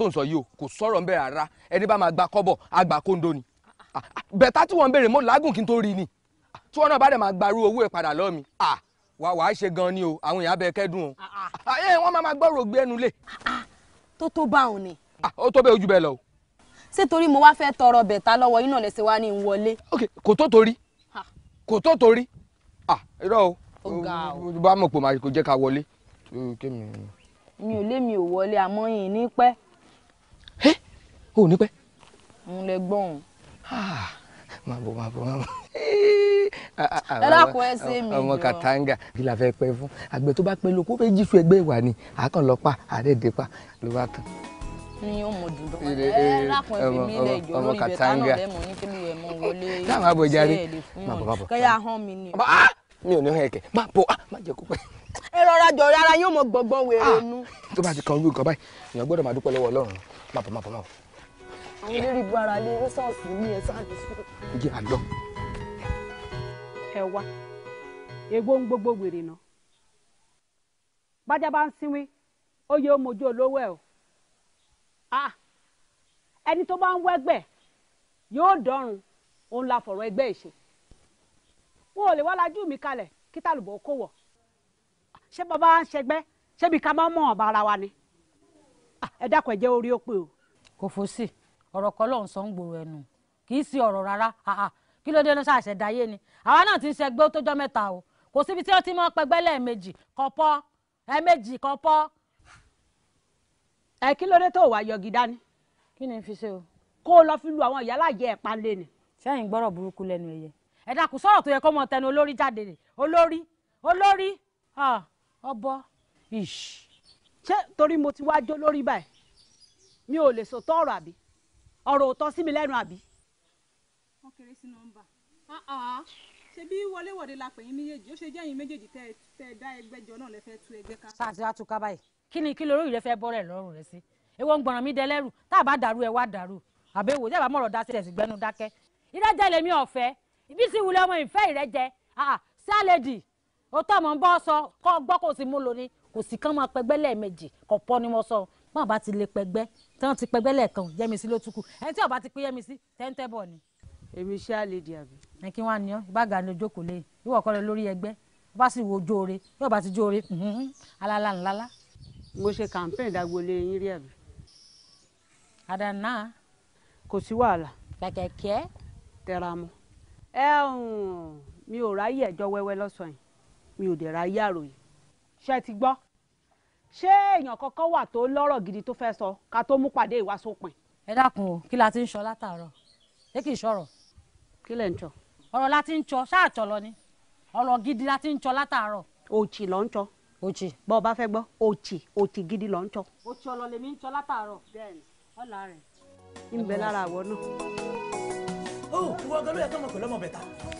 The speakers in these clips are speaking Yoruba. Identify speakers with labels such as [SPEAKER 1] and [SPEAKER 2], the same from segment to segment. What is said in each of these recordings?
[SPEAKER 1] tó ń sọ yìí o kò sọ̀rọ̀ ń bẹ̀ rárá ẹni bá máa gba kọ́bọ̀ àgbà kóńdó ni ah, ah, bẹ̀tà tí wọ́n ń béèrè mọ́ làágùn kí n tó rí ni ah, tí wọ́n náà bá dẹ̀ máa gbarú owó ẹ̀ padà lọ́ mi wàá wàá ṣe gan ni o àwọn èèyàn abẹ kẹ́dùn o ẹ eh, wọ́n máa gbọ́rọ̀ gbé ẹnu lé.
[SPEAKER 2] tó tó bá òun ni.
[SPEAKER 1] ó tó bẹ́ẹ̀ ojú bẹ́ẹ̀ lọ o.
[SPEAKER 2] ṣé torí mo wá fẹ́ tọrọ bẹ̀tà lọ́wọ́ iná lẹ́sẹ̀ wá ní n wọlé. ok
[SPEAKER 1] kò tó torí kò tó torí irọ́ o bá mọ̀ pé kò jẹ́ ká wọlé.
[SPEAKER 2] mi ò lé mi ò wọlé àmọ́ yìí ní pẹ́ ẹ ò ní pẹ́. òun lè gbọ́n. Ah,
[SPEAKER 1] máa bọ̀ máa bọ̀ máa bọ̀. Ah, ah, ẹ dákun ẹ ṣe mi jọ ọmọ kàtàǹgà kí la fẹ́ pẹ́ fún àgbẹ̀ tó bá pẹ́ lóko fẹ́ jí fún ẹgbẹ́ ìwà ni àákàn lọ pa àdéhùn pa ló bá tán.
[SPEAKER 2] ni yóò mọ dùn dùn ẹ dákun ẹ fi mí lẹ ìjọ lórí ibẹ̀ táwọn ọ̀rẹ́ mọ̀ ní kí ló yẹ mọ wọlé iṣẹ́ ẹ̀ lè
[SPEAKER 1] mi ò ní hàn ẹkẹ má bọ má jẹ
[SPEAKER 2] kó pẹ. ẹ rọra jọ̀ọ́ rárá yóò mọ gbọ̀ngbọ̀n wèrè nu.
[SPEAKER 1] tó bá ti kan ojú kan báyìí èèyàn gbọ́dọ̀ máa dúpẹ́ lọ́wọ́ Ọlọ́run má bọ̀ má bọ̀ má bọ̀.
[SPEAKER 2] àwọn eléré ibu ara lé sọ́ọ̀sì ní ẹ sáàlì sùúrù. jẹ́ àlọ́. ẹ wá egbò ń gbogbo wèrè náà bájá bá ń sinwi ó yẹ ó olówó ẹ o ẹni tó bá ń wẹ́gbẹ́ yóò dọ́run òun la fọ̀rọ̀ ẹgbẹ́ ìṣe wọn ò lè wá lajú mi kalẹ̀ kí tàlùbọ̀ kó wọ̀ ṣé bàbá ń ṣẹgbẹ́ ṣébi ká má mọ̀ ọ̀bá ara wa ni ẹ dákun ẹ jẹ́ orí ó pé o. kò fò sí ọ̀rọ̀ kan lóun sọ ń gbòòrò ẹnu kì í sí ọ̀rọ̀ rárá kí ló dé ló ṣàṣẹ dáyé ni àwa náà ti ń ṣẹgbẹ́ tó jọ mẹ́ta o kò síbi tí wọ́n ti máa pẹgbẹ́ lẹ́ẹ̀mejì kọ́pọ́ ẹ̀ẹ̀mejì kọ́pọ́. ẹ kí ló dé tó wà yọgi dání. kí ni fi ṣe o. kó o lọ fi lu àwọn ìyálàjẹ ẹ̀ pa lé ni. sẹ́yìn gbọ́rọ̀ burúkú lẹ́nu ẹ̀yẹ. ẹ dákun sọ̀rọ̀ tó yẹ kó mọ tẹnu olórí jáde rè olórí olórí ọbọ ìṣ ṣé torí mo ti wáá jó lórí báyìí mi ò lè sòtọ́ ọ̀rọ̀ àbí ọ̀rọ̀ ò tọ́ sí mi lẹ́nu àbí. wọ́n kéré sí nọ́mbà ṣe bí wọléwọ̀de la pè yín méjèèjì ó ṣe jẹ́ yín méjèèjì tẹ́ ẹ dá ẹgbẹ́ jọ náà lẹ fẹ́ tú ẹgbẹ́ ká. sáàtì wàá tú ká báyìí kí ni kí lórí rẹ fẹ́ bọ́ rẹ̀ lọ́rùn rẹ sí ewo ń gbọ̀ràn mi dẹ lẹ́rù tá a bá dàrú ẹ wá dàrú àbẹ̀wò tẹ́ a bá mọ̀rọ̀ dá sí ẹ̀sìn gbẹ́nu dákẹ́ ìrẹ́jẹ lèmi ọ̀fẹ́ ibi sì wulẹ̀ ọmọ ìfẹ́ ìrẹ́jẹ sálẹ̀dì ah, òótọ́ mọ̀ ń bọ́ sọ kọ́ gbọ́ kò sí mú lóní kò sí kán máa pẹgbẹ́ lẹ́ẹ̀mejì ọ̀pọ̀ ni mo sọ bọ́n bá ti lè pẹgbẹ́ tí wọ́n ti pẹgbẹ́ lẹ́ẹ̀kan yẹ́misí ló tún kù ẹni tí ó bá ti pé yẹ́misí tẹ́ńtẹ́ bọ̀ ni. èmi ṣe àlejò àbí. ẹ kí wọn ni ọ ìbága ni ojókòó lé ìwọ ọkọ rẹ lórí ẹgbẹ́ ó bá sì wo jóore yóò bá ti jóore alala ńlála. mo ṣe campaign dagbolé yín rí àbí. àdànà. kò sí wàhálà. kẹ̀kẹ́ tẹra mọ́. ẹ mi ò ráyè ẹjọ́ wẹ́wẹ́ lọ́sàn-án mi ò dẹ̀ ráyè àròyìn ṣe ti gbọ́ ṣé èèyàn kankan wà tó lọ́rọ̀ gidi tó fẹ́ sọ ká tó mú pàdé ìwà sópin. ẹ dákun o kí la ti ń sọ látàárọ̀ ṣé kì í sọ̀rọ̀. kí lẹ ń sọ. ọ̀rọ̀ la ti ń sọ ṣáà tọ lọ ni ọ̀rọ̀ gidi la ti ń sọ látàárọ̀. òjì ló ń sọ. òjì. bọ́ ọ bá fẹ́ gbọ́ òjì òjì gidi ló ń sọ. òjì ọ̀lọ́ lèmi ń sọ látàárọ̀. bẹ́ẹ̀ni ọ̀là rẹ̀.
[SPEAKER 3] ń bẹ lára náà. ó ìwọ gan ló yẹ kọ́mọkùnrin lọ́mọ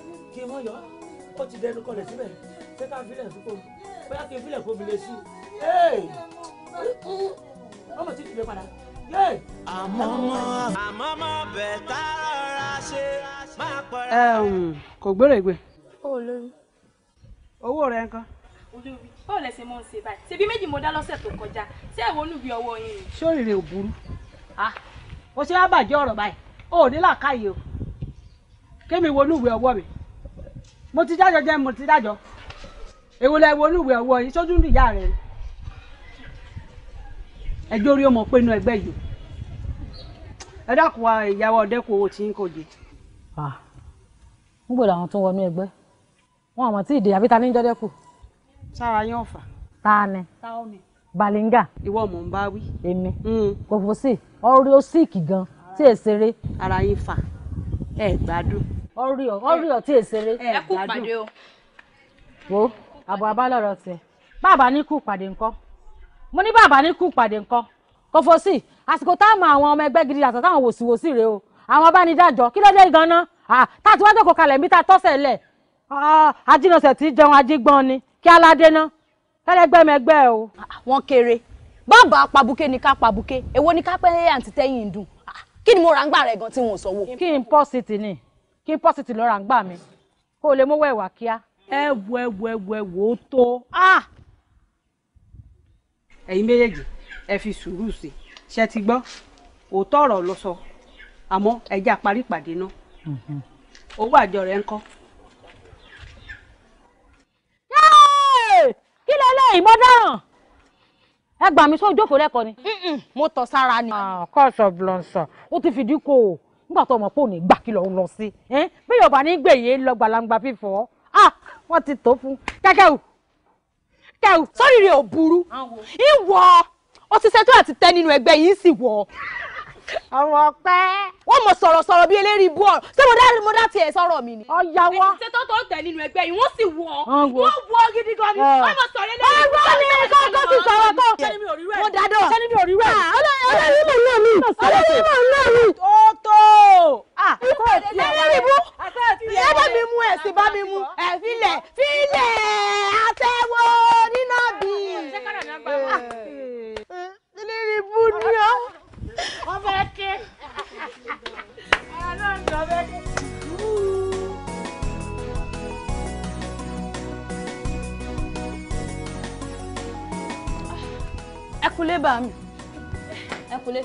[SPEAKER 3] kí n mọ yọ ó ti dẹnu kọlẹ̀ síbẹ̀ ṣé ká filẹ̀ sùkò bóyá kí n filẹ̀ kó mi lè sí ọmọ tí kìlẹ̀ padà. àmọ́ mọ́ bẹ̀ tá rọra ṣe máa
[SPEAKER 2] pọ̀rọ̀. kò gbèrègbè.
[SPEAKER 3] ó lórí. owó
[SPEAKER 2] rẹ nǹkan. olórí báwo lẹ ṣe mọ ń ṣe báyìí ṣebí méjì mo dá lọ́sẹ̀ tó kọjá ṣé ẹ̀wọ̀n níbi ọwọ́ yín ni. sórí ò burú ó ah. ṣe wá bàjẹ́ ọ̀rọ̀ báyìí ó ní làákàyè o kémi wo núwèé ọwọ́ mi mo ti dájọ́ jẹ́ mo ti dájọ́ èwo lẹ wo olúwẹ̀ ọwọ́ yìí sójú ń dìyà rẹ̀ ẹjọ́ orí ọmọ pé inú ẹgbẹ́ yìí ẹ dákun wa ìyàwó ọ̀dẹ́kun owó tí ń kò jẹ. ń gbọ́dọ̀ àwọn tó ń wọnú ẹgbẹ́ wọn àwọn tí ìdè àbí ta ní ń jọ́dẹ́kù. sára yín ọ̀fà. ta ni. táwọn ni. balinga. ìwọ mò ń bá wí. èmi. Hmm. kò fò sí ọ̀rẹ́ ó síìkì gan-an tí èsèré. ara yín fà ẹ gbádùn ọrìọ ọrìọ tí èsèré. ẹ kú pàdé o. wo àbọ̀ abálọ̀rọ̀ tiẹ̀ bàbá ní kú pàdé ńkọ́ mo ní bàbá ní kú pàdé ńkọ́ kò fò sí àsìkò táwọn àwọn ọmọ ẹgbẹ́ gidi àtàtà àwọn wòsíwòsí rèé o àwọn abánidájọ́ kí ló dé ganan táàtì wájú kò kalẹ̀ mí tá a tọ́sẹ̀ lẹ̀ ajínọ̀sẹ̀ tí jẹun ajígbọ́n ni kí aládé ná tẹ́lẹ̀gbẹ́mẹgbẹ́ o. wọ́n kéré bàbá pabuké ni ká pabuké èwo ni ká pẹ́ àǹtí tẹ́yìn dùn kí ni mo ra ń gbà rẹ̀ gan tí wọn ò sanwó. kí n pọ́ ni kí pọ́sìtì lọ́ra ń gbà mí kó o lè mówó ẹ̀wà kíá ẹ wo ẹ wo ẹ wo ẹ wo ó tó. Ah! ẹ̀yin méjèèjì ẹ fi sùúrù sí i ṣe ti gbọ́ òótọ́ ọ̀rọ̀ ló sọ àmọ́ ẹja parí ìpàdé náà owó àjọ rẹ̀ ń kọ́. kí ló lè mọ́ dáhùn ẹ gbà mí sóun jókòó lẹ́kọ̀ọ́ ni. mo tọ̀ sára ni. kọ́sọ̀ ah, blọ̀nsọ̀ ó ti fìdí kò nígbà tó ọmọ pò ní gbà kí lọ lọ sí bẹ́ẹ̀ ọba ní gbèyè lọ gbàlàǹgbà fífọ́ ah wọ́n ti tó fún kẹ́kẹ́ù kẹ́kẹ́ù sọ́rí buru. ò burú ìwọ òṣìṣẹ́ tó àti tẹ́ nínú ẹgbẹ́ yìí sì wọ̀ ọmọ pẹ́. wọ́n mọ̀ sọ̀rọ̀ sọ̀rọ̀ bí eléri bú ọ̀rọ̀ ṣé mo dá mo dá tiẹ̀ sọ̀rọ̀ mi ni. ọ̀yà wa ètùtù tó tó tẹ̀ nínú ẹgbẹ́ yìí wọ́n sì wọ̀ ọ́ wọ́n wọ̀ gidi gan ni wọ́n mọ̀ sọ̀rọ̀ eléri bú ọ̀rọ̀ ọ̀rọ̀ ni kò kò sì sọ̀rọ̀ tó. mo dàdọ̀ sẹ́ni mi ò rí rẹ̀. ọlọ́yin mọ̀ náà mi ọlọ́yin mọ̀ náà mi. ó tó eléri bú ẹ bá mi mú ẹ sì bá mi mú ẹ filẹ̀ filẹ̀ àtẹwọ́ nínú bì. eléri
[SPEAKER 3] bú ni ọ́. Ah,
[SPEAKER 2] ẹ kúlé bá mi ẹ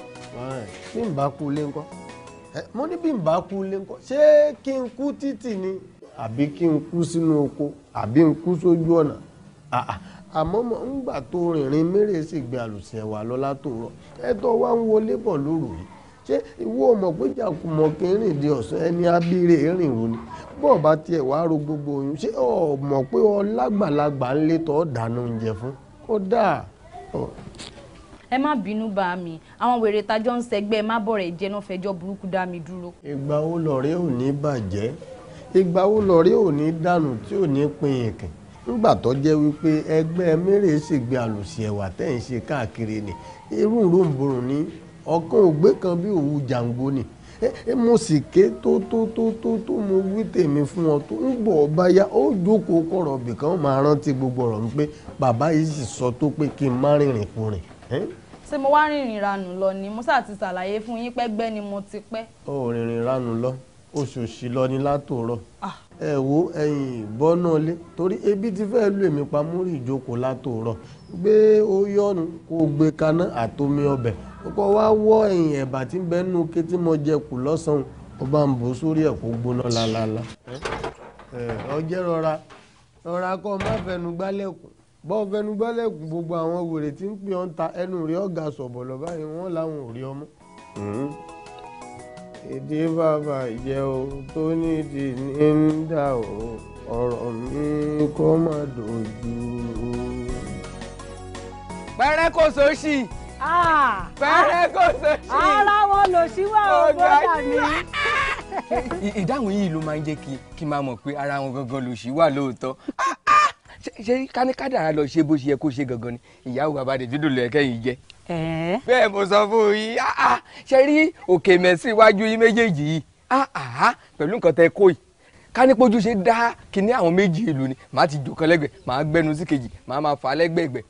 [SPEAKER 4] bí n bá kú lé ńkọ́ mo ní bí n bá kú lé ṣé kí n kú títì ni àbí kí n kú sínú oko àbí n kú sójú ọ̀nà ah, ah. àmọ́ ńgbà tó rìnrìn méré sì gbé àlùsẹ̀ wà lọ́lá tó rọ ẹ̀tọ́ wa ń wọlé bọ̀ lóru yìí ṣé ìwọ ọmọ pé jàkùmọ̀ kí n rìn di ọ̀sán ẹni abíire rìn wò ni bọ́ọ̀ bá tiẹ̀ wá ro gbogbo oyún ṣé o mọ̀ pé ọ lágbàlagbà ń lé tọ́ dànù oúnjẹ fún kódà.
[SPEAKER 2] ẹ má bínú bá mi àwọn wèrè tajọ ń ṣẹgbẹ́ má bọ̀rẹ̀ jẹ́ náà fẹjọ́ burúkú dá mi dúró.
[SPEAKER 4] ìgbà wo lọ̀rẹ́ ò ní bàjẹ́ ìgbà wo lọ̀rẹ́ ò ní dànù tí ò ní pin ìkìn nígbà tó jẹ́ wípé ẹgbẹ́ mẹ́rẹ̀ ṣègbè àlòsí ẹ̀wà tẹ́ ń ṣe káàkiri ni irú ìròǹbòrùn ni ọkàn ògbé kan bí òwú jàǹgbó ni mo sì ké tó tó tó tó tó mo wí tèmi fún ọ tó ń bọ̀ ọba ya ó jókòó kọ̀rọ̀ bìkan máa rántí gbogbo ọ̀rọ̀ mi pé bàbá yìí sì sọ tó pé kí n má rìnrìn kùnrin
[SPEAKER 2] ṣé mo wá rìnrìn ranù lọ ni mo ṣáà ti ṣàlàyé fún yín pẹ́gbẹ́ ni mo ti pẹ́.
[SPEAKER 4] ó rìnrìn ranù lọ oṣooṣì lọ ni látòrọ ah, ẹ wo ẹ̀yin ìbọn náà lé torí ebi ti fẹ́ lu èmi pamúrì ìjókòó látòrọ̀ gbé oyọ́nu kó gbé kaná àtomi ọbẹ̀ kó wá wọ́ ẹ̀yìn ẹ̀bà tí ń bẹ nínú ké tí mo jẹ kù lọ́sàn-án ó bá ń bò sórí ẹ̀ kó gbóná lálálá. ọjẹ́ rọra rọra kọ́ ọ má fẹnu gbálẹ̀kùn bọ́ fẹnu gbálẹ̀kùn gbogbo àwọn wèrè tí ń pè ọ́ ń ta ẹnu rí ọ̀gá sọ̀bọ̀ lọ́ba wọ́n láwọn ò rí ọmọ èdè bàbá jẹ́ o tó nídìí ní ń dà o ọ̀rọ̀ mi kó má dojú o.
[SPEAKER 3] pẹ́rẹ́ kò sóṣì. pẹ́rẹ́ kò sóṣì. ara wọn lò sí wà ó bọ́dà
[SPEAKER 2] mi.
[SPEAKER 1] ìdáhùn yìí ló máa ń jẹ́ kí n máa mọ̀ pé ara wọn gangan lò sí wà lóòótọ́ ṣe kánikádàrá lọ ṣe bó ṣe yẹ kó ṣe gangan ni ìyàwó bàbá rẹ̀ dídùn lọ ẹ̀kẹ́ yìí jẹ́. bẹ́ẹ̀ mo sọ fún yín ah, ah, ṣe rí òkè mẹ́sìn iwájú yín méjèèjì yìí ah, pẹ̀lú nǹkan tẹ kó yìí kánípójú ṣe dá kíní àwọn méjì ìlú ni màá ti jòkan lẹ́gbẹ̀ẹ́ màá gbẹnu sí kejì màá máa fà á lẹ́gbẹ̀ẹ́gbẹ̀.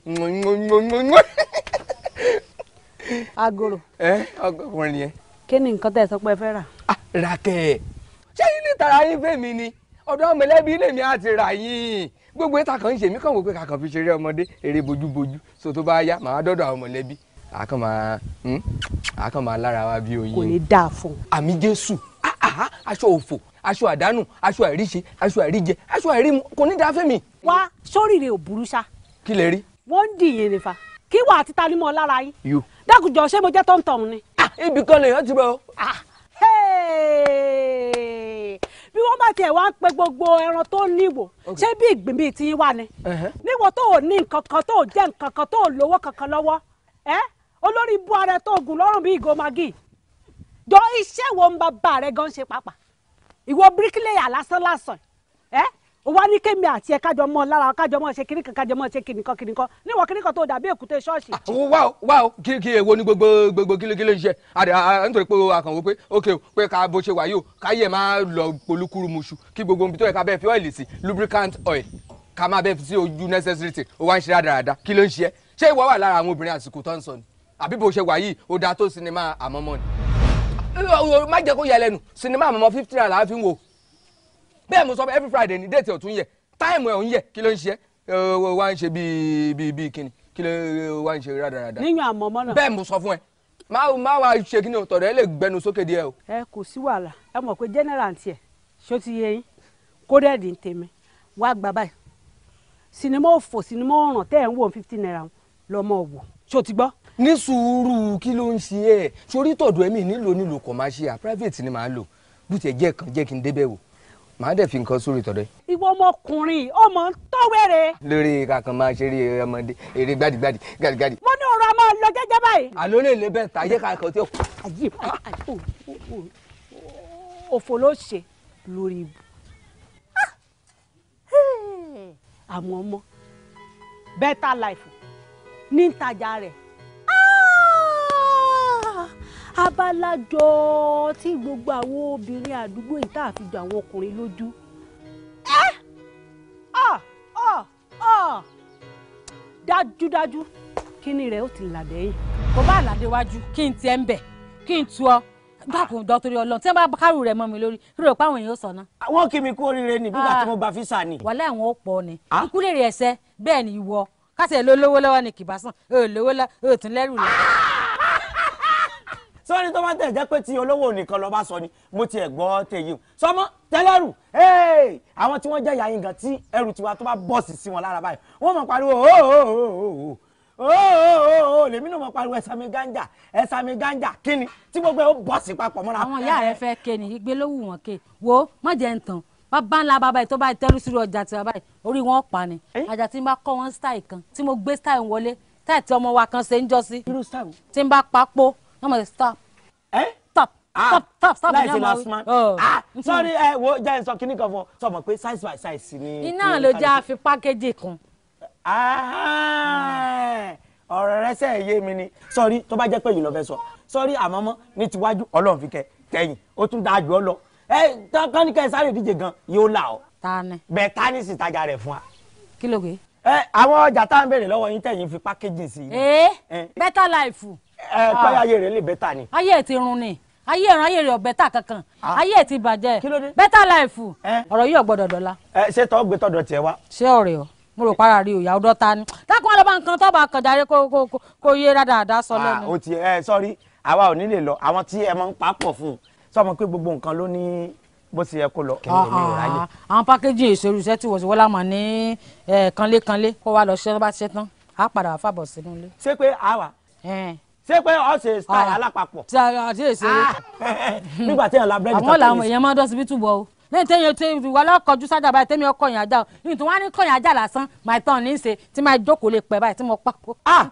[SPEAKER 1] agolo. ẹ ọkùnrin yẹn.
[SPEAKER 2] kí ni nǹkan tẹ́ ẹ sọ pé ẹ fẹ́ rà.
[SPEAKER 1] rà kẹ́ ẹ̀ ṣé ilé ìtara yín fèmí ni ọ̀dọ́ mọ̀lẹ́bí lèmi àti rà yín
[SPEAKER 2] gbogbo ìta kan ń
[SPEAKER 1] ṣe mí kàn wò pé kàkàn fi ṣeré ọmọdé eré bojúbojú so tó bá yá màá dọ́dọ̀ àwọn mọ̀lẹ́bí àákàn máa àákàn hmm, máa lára wa bí oyin. kò ní dáa fún. àmì jésù ah, ah, ah, aṣọ òfò aṣọ àdánù aṣọ àìríṣe aṣọ àìríjẹ aṣọ àìrímu kò ní dáa fẹ́mi. wá sórí rẹ ò burú sá. kí lè rí.
[SPEAKER 2] wọ́n ń dìyẹn nìfà kí wàá ti ta ni mo lára yín. yóò. dákùjọ ṣé mo jẹ́ tọ́ntọ̀n ni. ibì kan lèèyàn ti bọ̀. wọ́n bá tiẹ̀ wá ń pe gbogbo ẹran tó níwò ṣé bí ìgbín bíi tiyín wà ni níwò tó ò ní nǹkan kan tó ò jẹ́ nǹkan kan tó ò lówó kankan lọ́wọ́ ẹ́ olórí ibú ara ẹ tó gùn lọ́rùn bí ìgò magi jọ iṣẹ́ wo ń bá bá rẹ gan ṣe pàápàá ìwọ bíríkìlẹ̀yà lásán lásán ẹ́ ó wá ní kémi àti ẹ kájọ mọ lára kájọ mọ ṣe kiri kan kájọ mọ ṣe kiri kan kiri kan níwọ kiri kan tó dàbí èkúté ṣọ́ọ̀ṣì. Ah,
[SPEAKER 1] wá o wá o kí kí ewo ní gbogbo gbogbo kí ló ń ṣe àdé nítorí pé àkànwó pé ok pé ká bó ṣe wà yìí o káyé máa lọ polúkúrú muṣu kí gbogbo omi tó yẹ ká bẹ́ẹ̀ fi ọ́ìlì sí lubricant oil ká máa bẹ́ẹ̀ fi sí ojú necessary thing ó wá ń ṣe rádaràda kí ló ń ṣe ṣé ìwọ wà lára àwọn obìnrin àsìkò tó ń sọ ni àbí bó fifty la fi bẹ́ẹ̀ mo sọ pé every friday ni date ọ̀tún yẹ táìmù ẹ̀ ń yẹ kí ló ń ṣe wá ń ṣe bíi bíi bíi kíni kí ló wá ń ṣe rádaràda. níyàn
[SPEAKER 2] àmọ́ mọ́nà. bẹ́ẹ̀ mo sọ
[SPEAKER 1] fún ẹ má wá ṣe kíni tọ̀dọ̀ ẹ lè gbẹnu sókè díẹ̀ o.
[SPEAKER 2] ẹ kò sí wàhálà ẹ mọ̀ pé general tiẹ̀ ṣó ti yẹ yín kó dẹ́ẹ̀dì ń tèmi wá gba báyìí sinimá òfò sinimá ọ̀ràn tẹ́ ẹ̀ ń wò fifty naira lọ́mọ wò ṣó ti gbọ́. ní sùúrù
[SPEAKER 1] kí ló ń ṣe ẹ sórí tọ̀dọ̀ ẹ̀mí nílò nílò kò máa ṣe à private ni màá lò bùtẹ̀ jẹ́ kan jẹ́ kí n débẹ̀ wò màá dẹ̀ fi nǹkan sórí tọ̀dọ̀ yìí.
[SPEAKER 2] ìwọ ọmọkùnrin ọmọ tó wẹ̀rẹ̀.
[SPEAKER 1] lórí kankan máa ṣe eré ọmọdé eré gbadigbadi gbadigbadi. mo ní ọ̀rọ̀ ọmọ lọ jẹ́jẹ́ báyìí. àlọ́ lè
[SPEAKER 2] lè bẹ́ẹ̀ tàyé kankan tí ó. ayé òfò ló ṣe lórí ibu. Ah! àwọn ọmọ better life ní ìtajà rẹ̀ abalájọ tí gbogbo àwọn obìnrin àdúgbò yìí tá a fi jọ àwọn ọkùnrin lójú. ẹ ọ ọ ọ dájúdájú kíní rẹ ó ti làdẹ yìí. kò bá àlàdé wájú kí n tiẹ̀ ń bẹ̀ kí n tu ọ dákun dọ́tòrí ọlọ́run tí wọ́n bá kárù rẹ̀ mọ́ mi lórí rírò pé àwọn èèyàn sọ ná. àwọn kì mí kú oríire ni bígbà tí ah. mo bá fi sà ni. wàhálà àwọn ò pọ̀ ni ah. ikú lè rí ẹsẹ̀ bẹ́ẹ̀ ni ìwọ kásẹ̀ ló ni kìbásán ò lówó lọ́wọ́ tún lẹ́rù lọ
[SPEAKER 1] sọ́ni tó bá tẹ̀ jẹ́ pé ti olówó nìkan lọ́ba sọ ni mo ti ẹ̀ gbọ́ tẹ̀yìn sọmọ tẹ́lẹ̀rù àwọn tí wọ́n jẹ́ ìyá yín gan tí ẹrù tiwa tó bá bọ́ọ̀sì sí wọn lára
[SPEAKER 3] báyìí wọ́n mọ̀ pariwo ooo oh, ooo oh, oh, lèmi náà mọ̀ pariwo ẹ̀sàmì gánjà ẹ̀sàmì gánjà kíni tí gbogbo ẹ̀ ó bọ́ọ̀sì papọ̀ mọ́ra. àwọn ìyá rẹ fẹ́ ké ni ìgbélówù wọn ké
[SPEAKER 2] wo mọ̀jẹ̀ ń tàn bàbá ńlá bàbá yìí tó bá tẹ́rù sírò ọjà tí bàbá yìí orí wọn pa ni àjà tí n bá kọ́ wọn style kan tí mo gbé style wọlé táì tí ọmọ wa kan ṣe ń jọ sí tí n bá papò wọ́n mọ̀ sí stop. ẹ́ eh? stop ah. stop stop stop láì ṣe last man. Oh. Ah, mm-hmm. sọ́ọ́rí ẹ eh,
[SPEAKER 1] wo jẹ́ sọ kíní kan fún ọ sọ ma pé size by size ni. iná ló já
[SPEAKER 2] fi pákéjì kun.
[SPEAKER 1] ọ̀rọ̀ rẹ sẹ́ẹ̀ yé mi ni sọ́ọ́rí tó bá jẹ́ pé yìí lọ fẹ́ sọ sọ́ọ́rí àmọ́mọ́ ní tiwájú ọlọ́run fi kẹ tẹ̀yìn ó tún dáa jù ọ lọ ẹ tọ́kàn ní kẹ́ ẹ sáré ìdíje gan yóò là ọ. ta ni. bẹ́ẹ̀ ta ni sì tajà rẹ̀ fún wa. kí ló gbé. ẹ àwọn ọjà tá à ń béèrè lọ́wọ́ yín tẹ̀yìn fi pákéjì sí i. ee
[SPEAKER 2] eh? better life ẹ ah. pé ayé
[SPEAKER 1] rẹ lè bẹ́tà ni.
[SPEAKER 2] ayé ẹ ti run ni ayé ẹran ayé rẹ ọbẹ tà kankan ah. ayé ẹ ti bàjẹ́ bẹ́tà láìfù ọ̀rọ̀ yìí ọ̀gbọ́dọ̀ dọ̀la.
[SPEAKER 1] ẹ ṣé tọ́ gbé tọ́dọ̀ tiẹ̀ wá. ṣé ọ̀rẹ́ o
[SPEAKER 2] mo rò para rí òyà ọdọ ta ni dákun ọlọba nǹkan tó bá kàn jáde kó kó kó yé dáadáa sọ lẹ́nu. o ah,
[SPEAKER 1] ti ẹ sọrí àwa ò ní lè lọ àwọn tí ẹ máa ń papọ̀ fún un sọmọ pé gbogbo nǹkan ló ní bó ti yẹ kó lọ kí ni èmi ò ráyè.
[SPEAKER 2] àwọn pákéjì ìṣerú iṣẹ́ tí wọ́n ti wọ́n lámà ní kó wa lọ ṣe bá ṣe tán á padà fàbọ̀ sínú ilé.
[SPEAKER 3] ṣé pé àwa ṣé pé ọ ṣe style ah. alápapọ̀. tí a ti ṣe. Ah. nígbà tí èèyàn la búrẹ́dì tó kéré sí. àwọn
[SPEAKER 2] máa ń dọ́sibítù bọ̀ o lẹ́yìn tẹ́yìn tí wà lọ́kọ̀ọ́jú sájà báyìí tẹ́mi ọkọ̀ yàn ajá o nítorí wọn á ní kọ̀yàn ajá lásán máa tán ní í ṣe tí máa jókòó lè pẹ́ báyìí tí mo pa ah!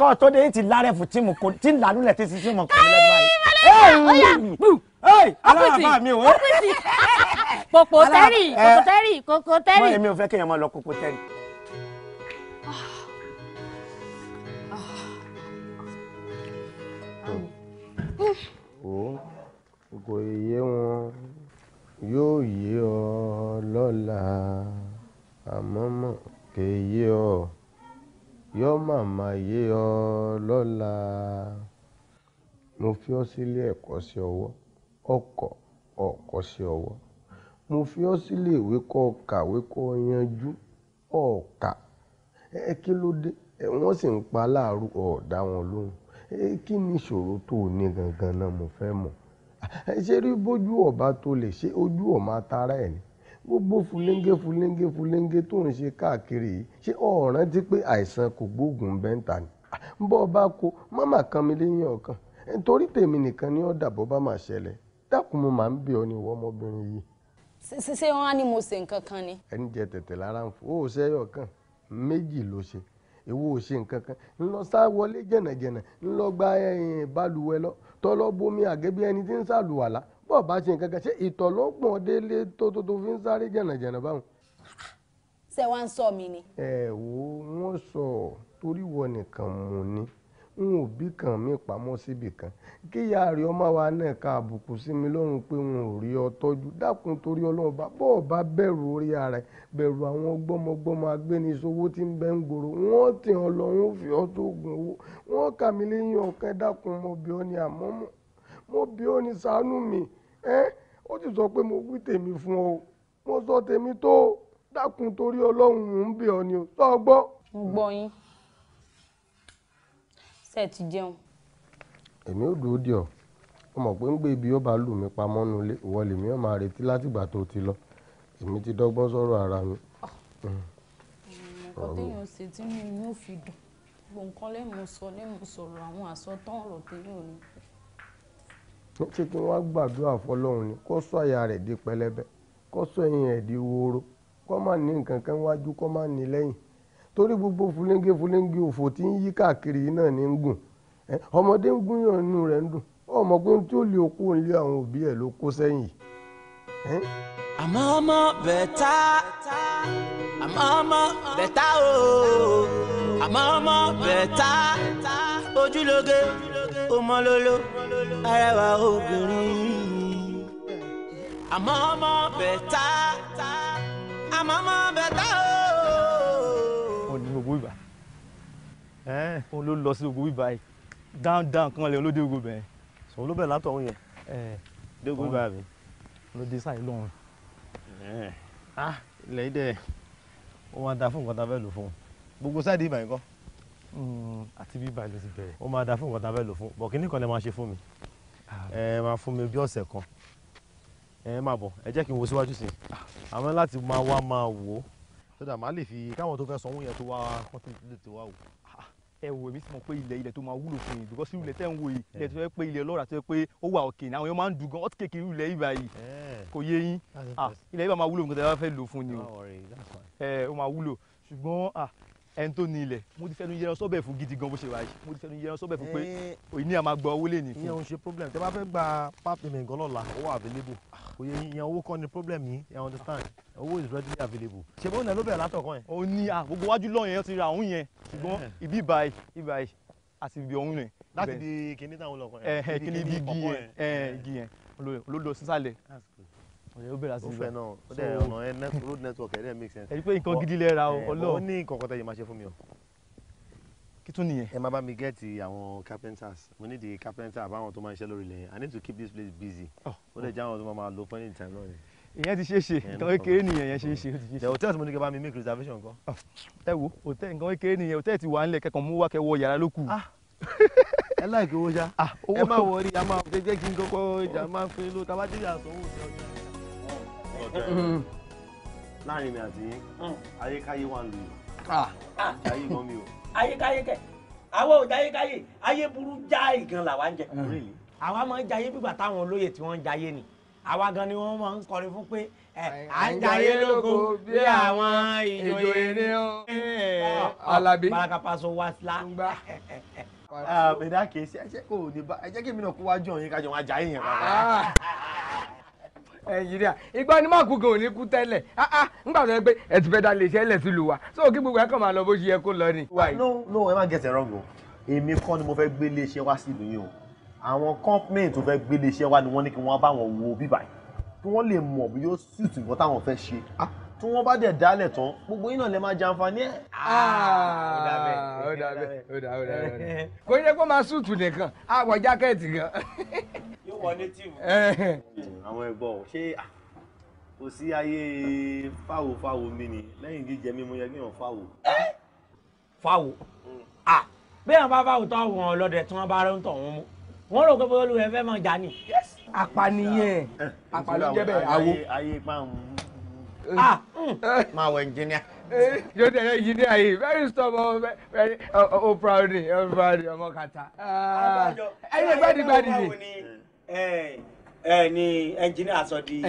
[SPEAKER 2] kọ́ tó dé ti lárẹ́fù tí mo kò tí làlúlẹ̀ tí sísí mo kò lẹ́nu báyìí. ọkùnrin ọkùnrin eh. eh. kòkòtẹ́rì kòkòtẹ́rì kòkòtẹ́rì. èmi ò
[SPEAKER 1] fẹ́ kéèyàn máa lọ kòkòtẹ́rì.
[SPEAKER 4] wò ó kò yé wọn yóò yé ọ lọ́la àmọ́ mọ̀ kò yé ọ yọ màmá yé ọ lọ́la mo fi ọ́ sílé ẹ̀kọ́ sí ọwọ́ ọkọ̀ ọkọ̀ sí ọwọ́ mo fi ọ́ sílé ìwé kọ́ kàwé kọ́ yanjú ọ̀ọ́kà ẹ kí ló dé wọ́n sì ń pa láàárọ̀ ọ̀ọ́dá wọn lóhùn kí ni ìṣòro tó o ní gangan náà mo fẹ́ mọ̀ ṣé rí bójú ọba tó lè ṣe ojú ọmọ atara gbogbo fúlẹ́ńgẹ́ fúlẹ́ńgẹ́ fúlẹ́ńgẹ́ tó ń ṣe káàkiri yìí ṣé ọ̀ràn ti pé àìsàn kò gbóògùn bẹ́ńtà ni bọ́ ọba mọ́mà kan mi léyìn ọ̀kan torí tèmi nìkan ni ó dàbọ̀ bá máa ṣẹlẹ̀ dákun mo máa ń bí ni. ẹni jẹ tẹ̀tẹ̀ lára ń fò ló ṣe èwo ò ṣe nǹkan kan ńlọ sá wọlé jẹ̀nàjẹ̀nà ńlọ gba eh, balùwẹ̀ lọ tọ́lọ́ bomi àgẹ́bí ẹni tí ń sàlùwàlá bọ́ọ̀ bá ṣe nǹkan kan ṣé ìtọ̀ ló pọ̀n délé tó tó tó fi ń sáré jẹ̀nàjẹ̀nà báwọn.
[SPEAKER 2] ṣé wàá ń sọ mi ni.
[SPEAKER 4] ẹ wo wọn sọ torí wọ nìkan mo ní. n ò bìkan mi pamọ́ síbìkan. Kíyá rẹ ọ ka àbùkù sí mi lọ́rùn pé n ò rí ọ tọ́jú. Dákun torí Ọlọ́run obá, bó o bẹ̀rù orí ara bẹ̀rù àwọn gbọ́mọgbọ́mọ agbénisówó tí ń bẹ ń gboro. Wọ́n tì ọ lọ, wọ́n fi ọ sóògùn owó. Wọ́n ọ ní àmọ́ Mo ọ ní Dákun torí Ọlọ́run, ṣe ti jẹun. èmi ò dúró dè ọ́ ó mọ̀ pé ń gbé ibi ó bá lù mí pamọ́ nulẹ̀ ìwọ lèmi ó máa retí látìgbà tó ti lọ èmi ti dọ́gbọ́n sọ̀rọ̀ ara mi. nǹkan téèyàn
[SPEAKER 2] ṣe tí mi mi ò fi dùn gbogbo nǹkan lẹ́mu sọ lẹ́mu sọ̀rọ̀ àwọn àsọtán
[SPEAKER 3] ọ̀rọ̀ téèyàn ni.
[SPEAKER 4] ó ṣe kí wọ́n gbàdúrà fọlọ́run ni kó sọ àyà rẹ̀ di pẹlẹbẹ kó sọ ẹ̀yìn ẹ̀ di wóró kó má ní nǹkan kan wájú kó má ní lẹ́yìn torí gbogbo fúlẹ́ńgé fúlẹ́ńgé òfò tí ń yí káàkiri náà ní ń gùn ọmọdé ń gún yàn inú rẹ̀ ń dùn ọmọ tí ó lè okó ń lé àwọn òbí ẹ̀ ló kó sẹ́yìn.
[SPEAKER 3] àmọ́ ọmọ bẹ̀tà àmọ́ ọmọ bẹ̀tà ooo àmọ́ ọmọ bẹ̀tà ojúlóge ọmọlólo arẹwà obìnrin àmọ́ ọmọ bẹ̀tà àmọ́ ọmọ bẹ̀tà ooo.
[SPEAKER 1] òun ló lọ sí ogun bíbá yìí down down kan lè òun ló dé ogun bẹ́ẹ̀. sọ ló bẹ̀rẹ̀ látọ̀hún yẹn. dé ogun bíbá mi. ló dé sáyé lọ́run. Ah, ilẹ̀ yìí dẹ̀ ó máa da fún nǹkan tá a fẹ́ lò fún un gbogbo sáà di ìbàyí kọ́. àti bíbá ló ti bẹ̀rẹ̀. ó máa da fún nǹkan tá a fẹ́ lò fún un bọ̀ kíní kan lè máa ṣe fún mi ah. ẹ máa fún mi bí ọ̀sẹ̀ kan ẹ máa bọ̀ ẹ jẹ́ kí n wo síwájú sí i ah. àmọ́ láti máa wá máa wò ó tó fẹ́ sanwó ẹ wò èmi sì mọ̀ pé ilẹ̀ ilẹ̀ tó máa wúlò fún yìí because irú ilẹ̀ tẹ́ ń wò yìí ilẹ̀ tó fẹ́ pé ilẹ̀ ọlọ́ràá tó fẹ́ pé ó wà òkè ní àwọn èèyàn máa ń dùn gan ọ́ ti kékeré irú ilẹ̀ ibà yìí kò yé yín ah, ilẹ̀ ibà máa wúlò fún nǹkan tẹ́ bá fẹ́ lò fún ni ó máa wúlò ṣùgbọ́n ah, ẹni tó ní ilẹ̀ mo ti fẹ́nu yẹran sọ́bẹ̀ fún gidi gan bó ṣe wáyé mo ti fẹ́nu yẹran sọ́bẹ̀ fún pé eh. òyìn ní a máa gba owó lè ní fún. ìyẹn ò ń ṣe problem tẹ bá fẹ́ gba part payment gan lọ́la owó available òye ìyẹn owó kọ́ ni problem yìí you understand owó is readily available. ṣe bó ń lẹ ló bẹ̀rẹ̀ látọ̀kan yẹn. ó ní à gbogbo wájú lọ́yìn yẹn ti ra òun yẹn ṣùgbọ́n eh. ibi báyìí ibi báyìí àti ibi ọ̀hún yẹn. láti di kinní táwọn lọ ó bẹ̀rẹ̀ sí ibẹ̀ náà ó dẹ̀ ọ̀nà road network ẹ̀ dẹ̀ make sense. ẹ rí pé nǹkan gidi lẹ ra ọlọ́ọ̀. ó ní nǹkan kan máa ṣe fún mi o. kí tún nìyẹn. ẹ máa bá mi gẹ́ẹ̀tì àwọn carpenters mo ní di carpenter àbáwọn tó máa ń ṣe lórí ilẹ̀ i need to keep this place busy oh, ó dẹ̀ oh. jẹ́ àwọn tó máa máa lo fún any time lọ́rẹ̀. ìyẹn ti ṣeé ṣe nǹkan kékeré nìyẹn ìyẹn ṣeé ṣe the hotel mo ní kí bá mi make reservation kan. Oh, ẹ wo hotel nǹkan kékeré hotel ti wà nílẹ̀ kẹ́kọ̀ọ́ mú ah! ẹ láì kí owó ṣá ah, ẹ má wọrí a máa jẹjẹ kí n kọ́kọ́ ìjà máa fi lóta bá jẹ́ ìyá àtọwọ́ ìjọba ọ̀tá ẹ̀ mm-hmm. láàrin mi àti yín mm. ayékáyé wà lù yìí
[SPEAKER 3] ah. ah. ayé gan mi o. ayékáyé kẹ àwọn ò jayékáyé ayé burú jáì
[SPEAKER 1] gan làwa ń jẹ mm. àwa máa ń jayé bí bàtà àwọn olóyè tí wọ́n ń jayé ni àwa gan ni wọ́n máa ń
[SPEAKER 2] kọrin fún pé à
[SPEAKER 3] ń jayé lóko bí àwọn ìjòyè ni ó.
[SPEAKER 1] Eh, ah, Alábí baraka paṣọ wá sílá. bẹ̀dá kìí ṣe ẹ jẹ́ kí mi náà kó wájú ọ̀yin kájọ wọn ajá yìnyín nàìjíríà ìgbà ni má kú gan òní kú tẹ́lẹ̀ nígbà ah, ah, tó yẹ pé ẹ ti fẹ́ da lè ṣe ẹlẹ̀ sí lu wa so kí gbogbo ẹ kàn máa lọ bó ṣe yẹ kó lọ ni. Ah, no no ẹ má get it wrong o èmi kọ́ ni mo fẹ́ gbé iléeṣẹ́ wá sí ìlú yìí o àwọn company tó fẹ́ gbé iléeṣẹ́ wá ni wọ́n ní kí wọ́n bá wọn wo bíbáyìí kí wọ́n lè mọ̀ bí yóò suit nǹkan táwọn fẹ́ ṣe tí wọ́n bá dẹ̀ dálẹ̀ tán gbogbo yín náà lè máa jàǹfààní ẹ̀. Ah, ah, ó dà bẹ́ẹ̀ ó dà bẹ́ẹ̀ ó dà bẹ́ẹ̀. kò ní kó máa súùtù nìkan á wọ jákẹ́ẹ̀tì gan. yóò wọ native. Eh. àwọn ẹ̀gbọ́n ò ṣe ah, kò sí ayé fáwo fáwo mi ni lẹ́yìn jíjẹ mímu yẹ kí wọ́n fáwo. Eh? fáwo mm. bí wọn bá fáwo tó àwọn ọlọ́dẹ tí wọ́n bá rẹ́ ń tọ̀ wọn mú wọn rò pé olùwẹ̀ fẹ́ mọ̀ jà ni. apànìyàn eh, apànìyàn bẹ́ẹ̀ àwo. ayé ayé pa àwọn ah, ah hmm. Hmm. máa wọ engineer. Eh, yóò tẹ̀lé engineer yìí very stubborn oh, very oh, oh, oh proud ni oh proud ni ọmọ kàtà. Ah, ẹyin gbadigbadi ni. ẹ eh, eh, ni engineer aṣọ di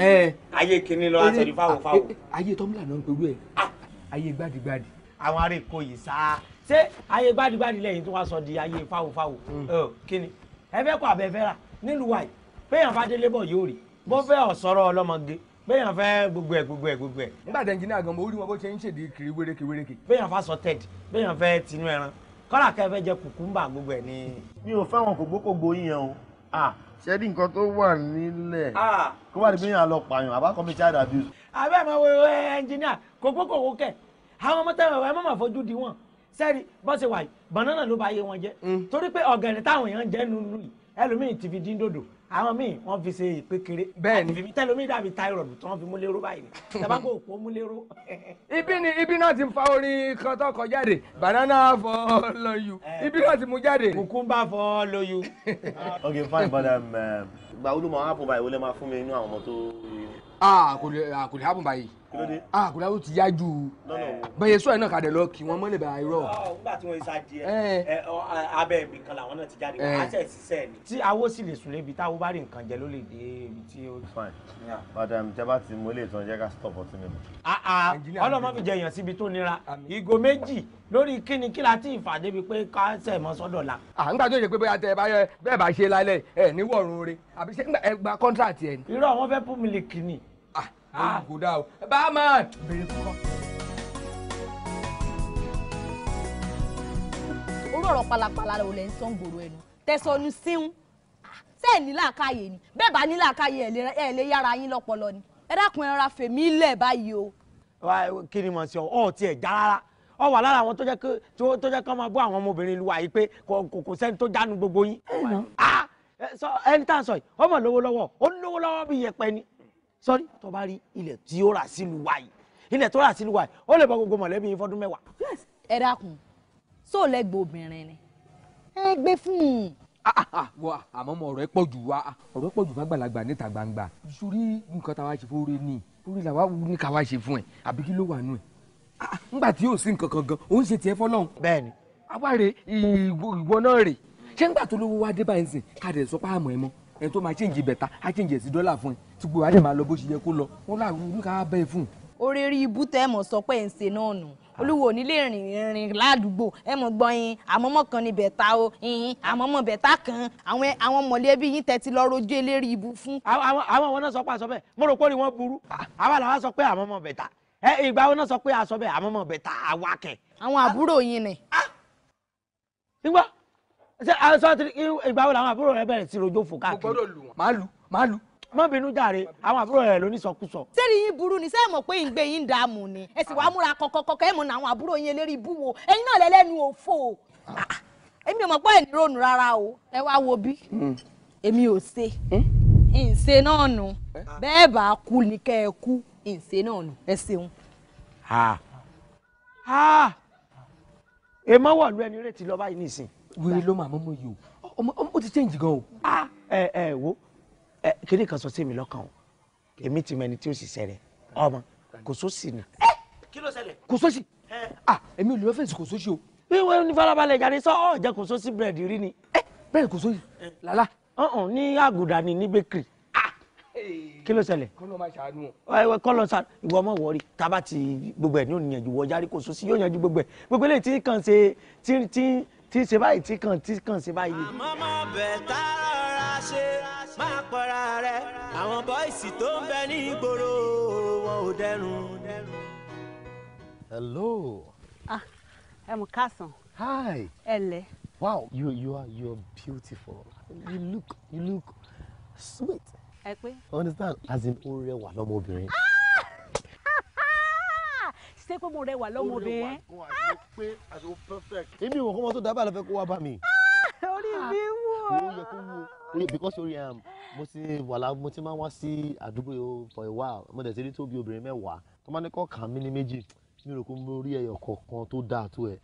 [SPEAKER 1] ayé kìíní lọ aṣọ di fáwọn fáwọn. ayé tọ́mùlà náà ń pẹ̀lú Ah, ayé gbadigbadi. àwọn ará èkó yìí sá. ṣé ayé gbadigbadi lẹ́yìn tí wọ́n sọ di ayé fáwọn fáwọn hmm. kí ni ẹ fẹ́ kọ́ abẹ́fẹ́ rà nílùú wa yìí péyàn bá délé bọ̀ yóò rí bó fẹ́ ọ̀sọ́rọ̀ ọlọ́mọge bẹ́yàn fẹ́ gbogbo ẹ̀ gbogbo ẹ̀ gbogbo ẹ̀. nígbà tẹ̀ ẹnjìnìá gan mo rí wọn bó ṣe ń ṣèdí kiri wéréke wéréke. bẹ́yàn fà sọtẹ́d bẹ́yàn fẹ́ tinú ẹran kọ́là kẹ́ fẹ́ jẹ kùkúmbà gbogbo ẹ̀ ni. mi ò fẹ́ràn kògbókògbó yín o ṣẹ́ni nǹkan tó wà nílẹ̀ kó wà ní bíyàn lọ pààyàn àbá kọ́ mi child abuse. àbẹ́ àmọ́ wo ẹnjìnìá kògbókògbó kẹ̀ àwọn ọmọ tẹ́wọ̀ ẹ má fojú di wọn sẹ́ni bó ṣe wà banana ló bá yé wọn jẹ́ mm. torí pé ọ̀gẹ̀rẹ̀ táwọn èèyàn jẹ́ nínú yìí ẹlòmíì ti fi dín dòdò àwọn míì wọ́n fi ṣe ìpékeré bẹ́ẹ̀ni àti tẹlomi dàbí thyroid tí wọ́n fi múlẹ́rú báyìí tabako òpó múlẹ́rú. ibi ni ibi náà ti fa orin kan tó kọ jáde banana follow you eh. ibi náà ti mú jáde. cucumber follow you. ok fine but um, um, ìgbà wo ló máa hápù báyìí wo lè máa fún mi nínú àwọn ọmọ tó. a ah, kò lè hápù ah, báyìí ah kò dáwọ́ ti yá ju bẹ́ẹ̀ sọ yẹn náà kàdé lọ kí wọ́n mọ́ lè bá irọ́. Ah, nígbà tí wọ́n ṣá di ẹ abẹ́ ibi kan làwọn náà ti jáde wọ́n eh. á ṣẹ̀ ṣiṣẹ́ ni. tí awo sì lè sùn lébi táwo bá rí nǹkan jẹ ló lè dé ibi tí ó. fine madam tẹ bá ti mú ilé ìtàn jẹ ká stop ọtí ah, ah, mi. ọlọ́mọ fi jẹ èèyàn síbi tó nira ìgò méjì lórí kíni kí la ti fà débi pé ká ṣẹ̀ mọ́ sọ́dọ̀ la. à ń gbàdúrà pé bóyá tẹ bẹ́ẹ̀ bá ṣe lálẹ́ ẹ̀ níwọ̀rùn rẹ̀ àbí ṣe ẹ gba kọ́ńtrà tiẹ̀ ni. irọ́ wọn fẹ́ pú mílíkì ni Ah, dáa o. báàmán. bèrè kúkọ.
[SPEAKER 2] orú ọ̀rọ̀ palapala ò lẹ́ ń sọ ń gbòòrò ẹnu tẹ̀sánú síhún sẹ́ẹ̀ ní làákàyè ni bẹ́ẹ̀ bá ní làákàyè ẹ̀ lè yára yín lọ́pọlọ ni ẹ dákun ẹ ra fèmí lẹ̀ báyìí
[SPEAKER 1] o. kí ni mo sọ ọ tiẹ̀ já rárá ọ wà lára àwọn tó jẹ́ kó tó jẹ́ kó máa bọ́ àwọn ọmọbìnrin lu àyè pé kò kò sẹ́ni tó jánu gbogbo yín. Ah, ẹni tá a sọ yìí ọmọ lówó lọ́wọ́ ó lówó lọ́wọ́ bí yẹpẹ ni sọ́rí tó bá rí ilẹ̀ tí ó rà sílùú wa yìí ilẹ̀ tó rà sílùú wa yìí ó lè bọ́ gbogbo mọ̀lẹ́bí yín fọ́dún mẹ́wàá.
[SPEAKER 2] ẹ dákun sóò lẹ́gbẹ̀ẹ́ obìnrin ni ẹ gbé fún un.
[SPEAKER 1] Ah, ah, ah, wọ àmọ́ ọmọ ọ̀rọ̀ ẹ pọ̀ jù wá ọ̀rọ̀ ẹ pọ̀ jù fàgbàlagbà níta gbangba sórí nǹkan táwa ṣe fún orí ni orí làwa ní káwa ṣe fún ẹ àbí kí ló wà nù ẹ nígbà tí yóò sí nǹkan kan gan òun ṣe tiẹ̀ fọlọ́run. bẹ́ẹ̀ni. àwa rè ìwọ náà rè ṣé nígbà tó lówó wá dé báyìí sìn ká dẹ̀ sọ pé àmọ́ ẹ mọ́ ẹni tó máa ṣèǹjì bẹ̀ta á ṣèǹjì ẹ̀ sí dọ́là fún ẹ tí gbogbo àdè máa lọ bó ṣe yẹ kó
[SPEAKER 2] lọ wọn láàrú olúkà bẹ́ẹ̀ fún. oore rí ibú tẹ́ ẹ̀ mọ̀ sọ pé ẹ̀ ń ṣe náà nù olúwo ò ní lè rìn rìn ládùúgbò ẹ mọ̀ gbọ́n yín àmọ́mọ́ kan ni bẹ̀ta o yín àmọ́mọ́ bẹ̀ta kan àwọn àwọn mọ̀lẹ́bí yín tẹ́tí lọ rojú eléri ibu fún. àwọn àwọn náà sọ pé àsọ bẹ́ẹ̀ mo rò pé orí
[SPEAKER 1] wọn burú àwa làwa sọ pé àmọ́mọ́ bẹ̀ta ẹ ìgbà wọn náà sọ pé àsọ bẹ́ẹ̀ àmọ́mọ́ bẹ̀ta àwa kẹ̀.
[SPEAKER 2] àwọn àbúrò yín ni.
[SPEAKER 1] nígbà ah! ìgbà wo làwọn àbúrò rẹ bẹ̀rẹ̀ sí rojú fò káàkiri. mo gbọ́dọ̀ má bínú àwọn àbúrò rẹ ló sọkúsọ.
[SPEAKER 2] sẹ́ẹ̀rì yín burú ni sẹ́ẹ̀ mọ̀ pé ìgbé yín dààmú ni ẹ sì wàá múra kọ̀kọ̀kọ̀kọ̀ ẹ̀ mọ̀ ní àwọn àbúrò yín eléré ibú wo ẹ̀yin náà lẹ́lẹ́nu òfò ah, èmi ò mọ̀ pé rárá o ẹ wá wo bí hmm. èmi ò ṣe hmm? ìṣe náà eh? bẹ́ẹ̀ bá kú ni kẹ́ ẹ kú ìṣe náà
[SPEAKER 1] ẹ lọ báyìí ló máa mọ́ o ó ti change o. Ah, ẹ ẹ ẹ kíni kan sọ sí mi lọ́kàn o èmi ti mọ ẹni tí ó sì ṣẹlẹ̀ ọmọ kò sósì ni. ẹ kí ló ṣẹlẹ̀. kò sósì ah èmi ò lè fẹ́ǹsì kò sósì o. bí wọ́n ní farabalẹ̀ jáde sọ ọ́ jẹ́ kò sósì búrẹ́dì rí ni. ẹ bẹ́ẹ̀ kò sósì lálá ọ̀hún ní àgùdà ni ní bakery kí ló ṣẹlẹ̀. kọ́ ló máa ṣàánú o. kọ́ ló ṣàánú ìwọ ọmọ wọrí tába ti gbogbo ẹ̀ ní òníyànjú wọ járí kò sósì yóò yanjú gbogbo ẹ̀ gbogbo eléyìí tí kàn ṣe tí tí tí ṣe báyìí tí kàn tí kàn ṣe báyìí.
[SPEAKER 3] àmọ́ mọ̀ bẹ̀ tá a rọra ṣe máa pọ̀ra rẹ̀ àwọn bọ́ìsì tó ń bẹ ní ìgboro wọn ò dẹrùn. hello. ah
[SPEAKER 2] ẹ mú kásán. hi. ẹ lẹ.
[SPEAKER 1] wow you you are you are beautiful
[SPEAKER 5] you look you look sweet. ẹ pé. understand as in ó rẹwà lọ́mọbìnrin. ah
[SPEAKER 2] ṣe pé mo rẹwà lọ́mọbìnrin.
[SPEAKER 1] èmi ò kọ́ mọ́ tó dábàá lọ́fẹ́ kó wá bá mi. orí mi wò ó because orí am um, mo ti wà mo ti máa wá sí àdúgbò yìí for a while mo dẹ̀ ti rí tó bí obìnrin mẹ́wàá tó máa ní kọ́ kàn mí ní méjì mi rò pé mo rí ẹyọ kọ̀ọ̀kan tó
[SPEAKER 3] dáa tó ẹ.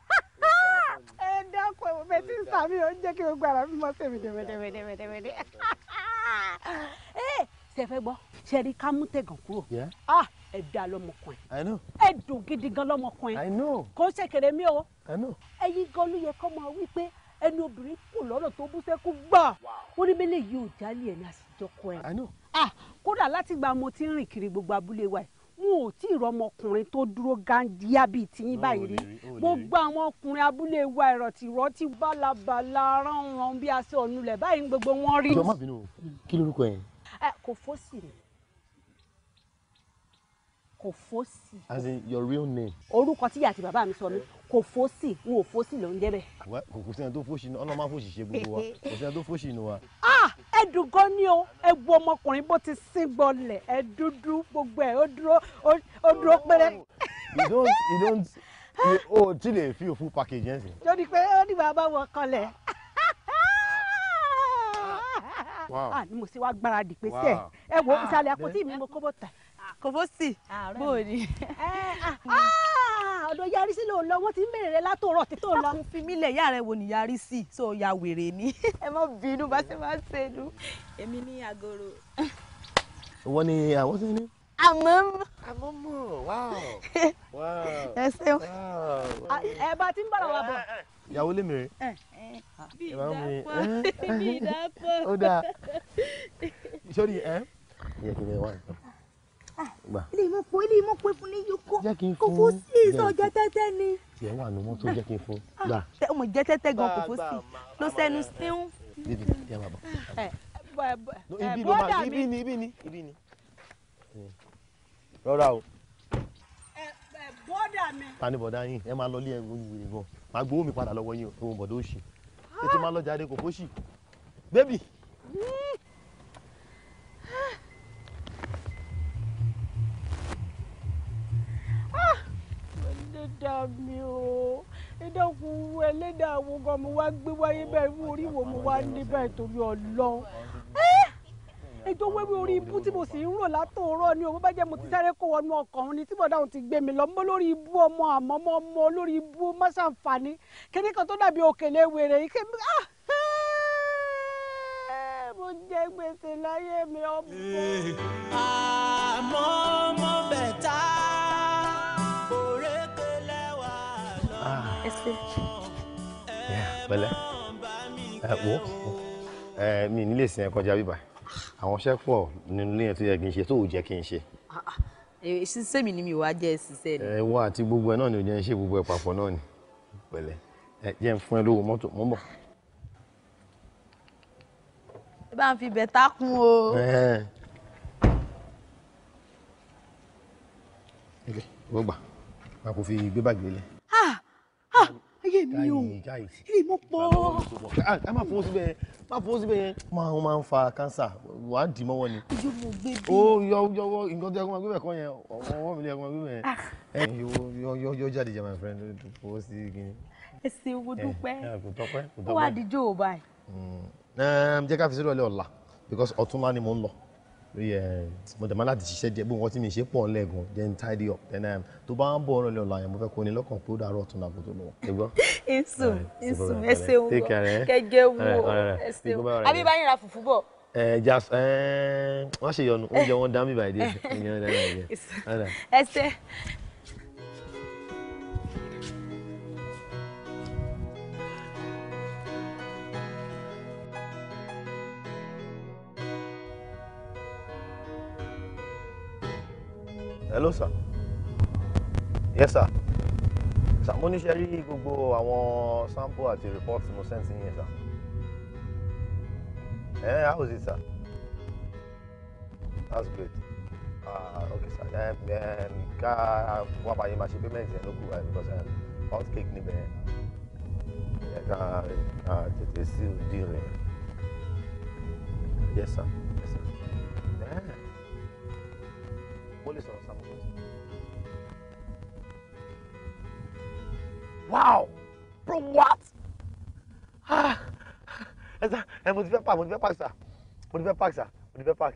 [SPEAKER 3] ẹ dákun ẹ̀wọ̀n bẹ́ẹ̀ tí sàmì ò ń jẹ́ kí gbogbo ara mi mọ́ sí mi dẹ̀mẹ̀dẹ̀mẹ̀dẹ̀mẹ̀dẹ̀. Eh, ẹ ṣe fẹ́
[SPEAKER 2] gbọ́ ṣe rí ká mú tẹ̀gàn kúrò ah, ẹ dá lọ́mọkùnrin ẹ dùn gidi gan lọ́mọkùnrin kò ṣèkèrè mi o ẹ̀yin gan ló yẹ kọ́ máa wí pé ẹni obìnrin kù lọ́nà tó bú sẹ́kù gbà ó ní mélèé yìí ò jálè ẹ̀ ní àsìjọkọ ẹ̀. kódà láti gba mo ti ń rìn kiri gbogbo abúlé wa yìí ò tí ì rọmọkùnrin tó dúró gandíá bíi tiyín báyìí rí oh, gbogbo àwọn ọkùnrin abúlé wa ìrọ̀tìrọ̀tì bálabàla ránran bí aṣọ ọ̀nulẹ̀ báyìí gbogbo wọn rí. jọ̀ọ́ má
[SPEAKER 1] bínú kí lorúkọ ẹ̀.
[SPEAKER 2] kò fọ́ sí i. Kòfósì.
[SPEAKER 1] as in your real name.
[SPEAKER 2] orúkọ tíyà àti bàbá mi sọ mi Kòfósì n ò fósì ló ń jẹ́ bẹ́ẹ̀.
[SPEAKER 5] kò sí ẹni tó fósì ọ̀nà máa fósì ṣe gbogbo wa kò sí tó fósì nù wa.
[SPEAKER 2] ẹ dùn gan ni o ẹ ọmọkùnrin bó ti sín gbọlẹ̀ ẹ gbogbo ẹ ó dúró ó dúró péré. you don't you don't you oh ti dey feel full package yẹn sìn. lórí pé ó ní bàbá wọn kanlẹ̀. ni mo ṣe wá gbáradì pé sẹ́ẹ̀ ẹ wo ah, ìsàlẹ̀ àpótí mi mo kó bọ̀ tà kòfósì ah, bóòdì. Eh, ah, ah. ọ̀dọ̀ yarí sí lòun lọ wọ́n ti ń bèrè rẹ látòrọ̀ títò lọ. lákùn fi mílẹ̀ ìyá rẹ wo ni yarí sí tó ya wèrè ni. ẹ má bínú bá ṣe máa ń ṣe nu. èmi ní agoro.
[SPEAKER 6] ìwọ ni àwọn ti ní
[SPEAKER 3] àmọ́. àmọ́ mọ̀ wáò. ẹ ṣeun ẹ bá ti ń bọ̀rọ̀ wa bọ̀. ìyàwó lè mèrè. Eh, eh. bí
[SPEAKER 1] ìdápọ̀ bí ìdápọ̀. ó dáa sórí ẹ.
[SPEAKER 5] yẹ kí n bẹ wá nǹkan. Ah,
[SPEAKER 2] ilé ìmọ̀ pé ilé ìmọ̀ pé fún ní yòókù
[SPEAKER 5] kò fún sí ìsọ̀ jẹ́ tẹ́tẹ́ ni. tiẹ̀ wà ní mọ́tò jẹ́ kí n fún. Ah,
[SPEAKER 2] ọmọ jẹ́ tẹ́tẹ́ gan kò fún sí ló sẹ́nu síún. bíbí yà ibi ló ibi ni ibi ni ibi ni.
[SPEAKER 1] Eh, rọra o. Eh,
[SPEAKER 2] eh, bọ́dà
[SPEAKER 7] mi.
[SPEAKER 1] ta ni bọ̀dá yín ẹ máa lọ ilé ẹ̀rọ ìwé gan máa gbowó mi padà lọ́wọ́ yín o òun bọ̀dá òṣì ètò máa lọ jáde kò fóṣì bébì.
[SPEAKER 3] Ah! ẹlẹ́dàá mi o ẹ̀dá kù wo gan mo wá gbé wáyé bẹ́ẹ̀ mú wo mo wá níbẹ̀ torí ọlọ́run eh! ètò wéwé orí ibú tí
[SPEAKER 2] mo sì ń rò látòórọ́ ni òun bá jẹ́ mo ti sáré kó wọnú ọkàn ni tí bọ̀dá òun ti gbé mi lọ mọ́ lórí ibú ọmọ àmọ́ mọ́ mọ́ lórí ibú mọ́sàǹfààní kíní kan tó dàbí òkèlè wèrè yìí kí ah!
[SPEAKER 3] mo jẹ gbèsè láyé mi ọ̀bùn. sí.
[SPEAKER 1] pẹ̀lẹ́ ẹ wo ẹ mi nílé ìsìn ẹ kọjá bíbá àwọn iṣẹ́ pọ̀ nínú ilé yẹn tó yẹ kí n ṣe tó ò jẹ́ kí n ṣe.
[SPEAKER 2] ṣiṣẹ́ ah, ah. mi ni mi wàá jẹ́ ṣiṣẹ́ ni.
[SPEAKER 1] ẹ wá àti gbogbo ẹ náà ni ò jẹ́ ń ṣe gbogbo ẹ papọ̀ náà ni pẹ̀lẹ́ ẹ jẹ́ ń fún ẹ lówó mọ́tò mọ́ bọ̀.
[SPEAKER 2] ẹ bá ń fi bẹ̀tà kún o.
[SPEAKER 1] ok wọ́n gbà máa kò fi gbé bàgbé lẹ̀
[SPEAKER 5] láyé mi o èyí mo pọ̀. Ah,
[SPEAKER 1] ẹ má fọwọ́ síbẹ̀ yẹn má síbẹ̀ máa ń máa ń fa kánsà wà á dì mọ́wọ́ ni. ojú yọ yọ wọ nǹkan tó yẹ kó máa gbé kọ́ yẹn ọwọ́ mi lè yẹ kó máa gbé ah. yẹn. yọ yọ yọ jáde jẹ my friend fọwọ́ sí kínní.
[SPEAKER 2] ẹ ṣe owó dúpẹ́ eh, eh, ó wà díjọ́ ò báyìí.
[SPEAKER 1] jẹ́ ká fi sílẹ̀ ọ̀la because ọ̀túnla ni mò ń lọ rí ẹ mo dẹ̀ máa láti ṣiṣẹ́ díẹ̀ bí wọ́n ti mi ṣe pọ̀ lẹ́ẹ̀gan jẹ́ n tidy up then um, tó bá ń bọ̀ ọ̀rọ̀ lọ́la yẹn mo fẹ́ kó ní lọ́kàn pé ó dàárọ̀ ọ̀tún làbò tó lọ.
[SPEAKER 2] ìsù ìsù ẹsẹ̀ ń bọ̀ kẹjẹ wo ẹsẹ̀ ń bọ̀ àbí bá yín ra fùfú bọ̀.
[SPEAKER 1] ẹ jà ẹ wọn ṣe yọnu oúnjẹ wọn dá mi báyìí dé
[SPEAKER 2] ẹsẹ̀
[SPEAKER 6] hello sir yes sir
[SPEAKER 1] sir mo ní ṣe rí gbogbo àwọn sample àti report mo send sí yín sir eh how is it sir that's great ah uh, okay sir eh, ká wá bá yín máa ṣe payment yẹn ló kù
[SPEAKER 4] wáyé because eh, hot cake níbẹ̀ yẹn ká tètè sí
[SPEAKER 5] ojú rẹ̀ yes sir.
[SPEAKER 7] kó lè sọ̀rọ̀ sábà
[SPEAKER 1] wow bro what Ah, sá ẹ mo ti fẹ́ park mo ti fẹ́ park sá mo ti fẹ́ park sá mo ti fẹ́ park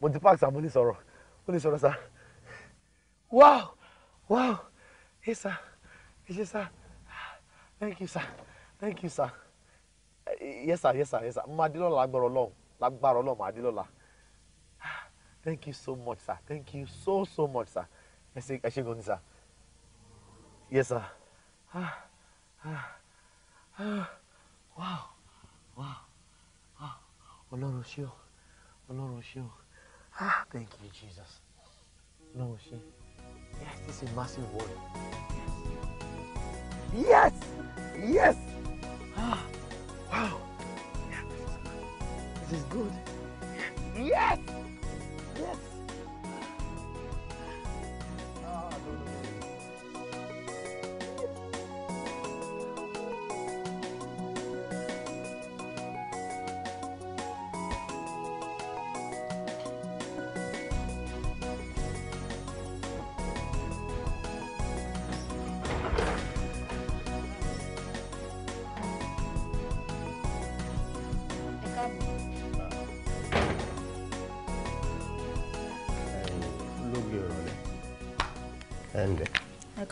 [SPEAKER 1] mo ti park sá mo lè sọ̀rọ̀ mo lè wow wow Hey sir, hey
[SPEAKER 8] sir. thank you sir thank you sir
[SPEAKER 1] yes sir yes sir yes sir mo máa dé lọ́la lágbára ọlọ́run lágbára ọlọ́run máa dé lọ́la. Thank you so much, sir. Thank you so, so much, sir. I say, I say, go, sir.
[SPEAKER 6] Yes, sir.
[SPEAKER 3] Ah, ah, ah. Wow, wow, wow. Ah,
[SPEAKER 5] Ọlọ́run ṣé o, Ọlọ́run ṣé o. Ah, thank you, Jesus. Ọlọ́run ṣé. Yes, this is a massive word. Yes, yes. Ah, wow. Yeah, this is good. Yes.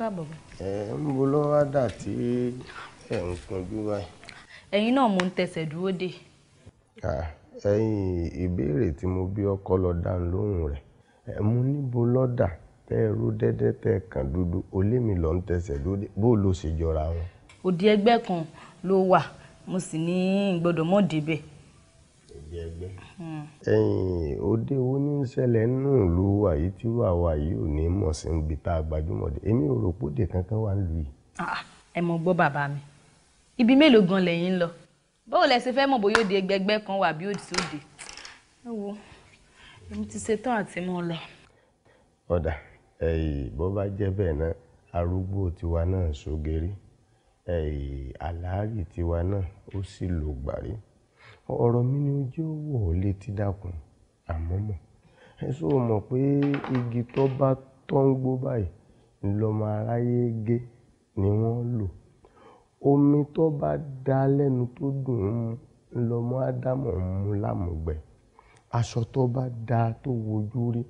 [SPEAKER 2] káàbọ̀
[SPEAKER 4] bá. ẹ ń bo lọ́wọ́ dà tí ẹ ń kunjú báyìí.
[SPEAKER 2] ẹ̀yin náà mo ń tẹsẹ̀ dúró dè.
[SPEAKER 4] ẹ̀yin ìbéèrè tí mo bí ọkọ lọ dá lóhùn rẹ̀ ẹ mú níbo lọ́dà tẹ́ ẹ dẹ́dẹ́ tẹ́ kàn dúdú olé mi lọ ń tẹsẹ̀ dúró dè bó ló ṣe jọra wọn.
[SPEAKER 2] òdì ẹgbẹ́ kan ló wà mo sì ní gbọ́dọ̀ mọ̀ débẹ̀
[SPEAKER 3] ẹgbẹ́ ẹgbẹ́.
[SPEAKER 4] Hmm. ẹ̀yin òde wo ní í ṣẹlẹ̀ nínú ìlú wa yìí tí wàá wa yìí ò ní mọ̀ sí ibi tá a gbajúmọ̀ dé èmi ò rò póde kankan wà lù yìí.
[SPEAKER 2] Ah, ẹ mọ̀ gbọ́ bàbá mi ibi mélòó gan lẹ́yìn lọ báwo lẹ ṣe fẹ́ mọ̀ bóyá òde ẹgbẹ́ kan wà bí òdì sóde. ẹ wo èmi ti ṣetán àti mọ́ lọ.
[SPEAKER 4] ọ̀dà ẹ̀yìn bó bá jẹ́ bẹ́ẹ̀ náà arúgbó tiwa náà ṣògèrè ẹ̀yìn tiwa náà ó sì lògbàrí ọ̀rọ̀ mi ni jẹ́ ó wọ̀ ọ́ létí dákun àmọ́ mọ̀ ẹ ṣó mọ̀ pé igi tó bá tọ́ ń gbó báyìí ńlọmọ aráyé gé ni wọ́n lò omi tó bá dá lẹ́nu tó dùn ún ńlọmọ ádámọ̀ ń mu lámùgbẹ́ aṣọ tó bá dá tó wojú rí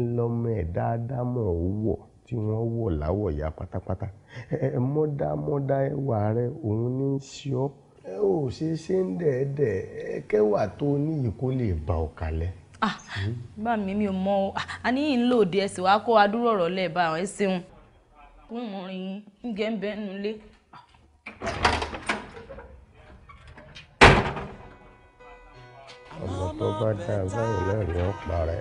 [SPEAKER 4] ńlọmọ ẹ̀dá ádámọ̀ ó wọ̀ tí wọ́n wọ̀ láwọ̀ ya pátápátá ẹ mọ́dá mọ́dá ẹwà rẹ òun ní í ṣe ọ́ e o ṣe ṣe ń dẹ̀ẹ́dẹ̀ ẹ kẹwàá tó ní ba ọ̀kà lẹ. Ah,
[SPEAKER 2] bá mi mi ò mọ o àníyàn ah, ń lò dé ẹsẹ̀ wàá kó adúrò ọ̀rọ̀ bá ẹ ṣeun ń ń ọmọ
[SPEAKER 4] tó bá dá báyìí náà ni ó pa rẹ.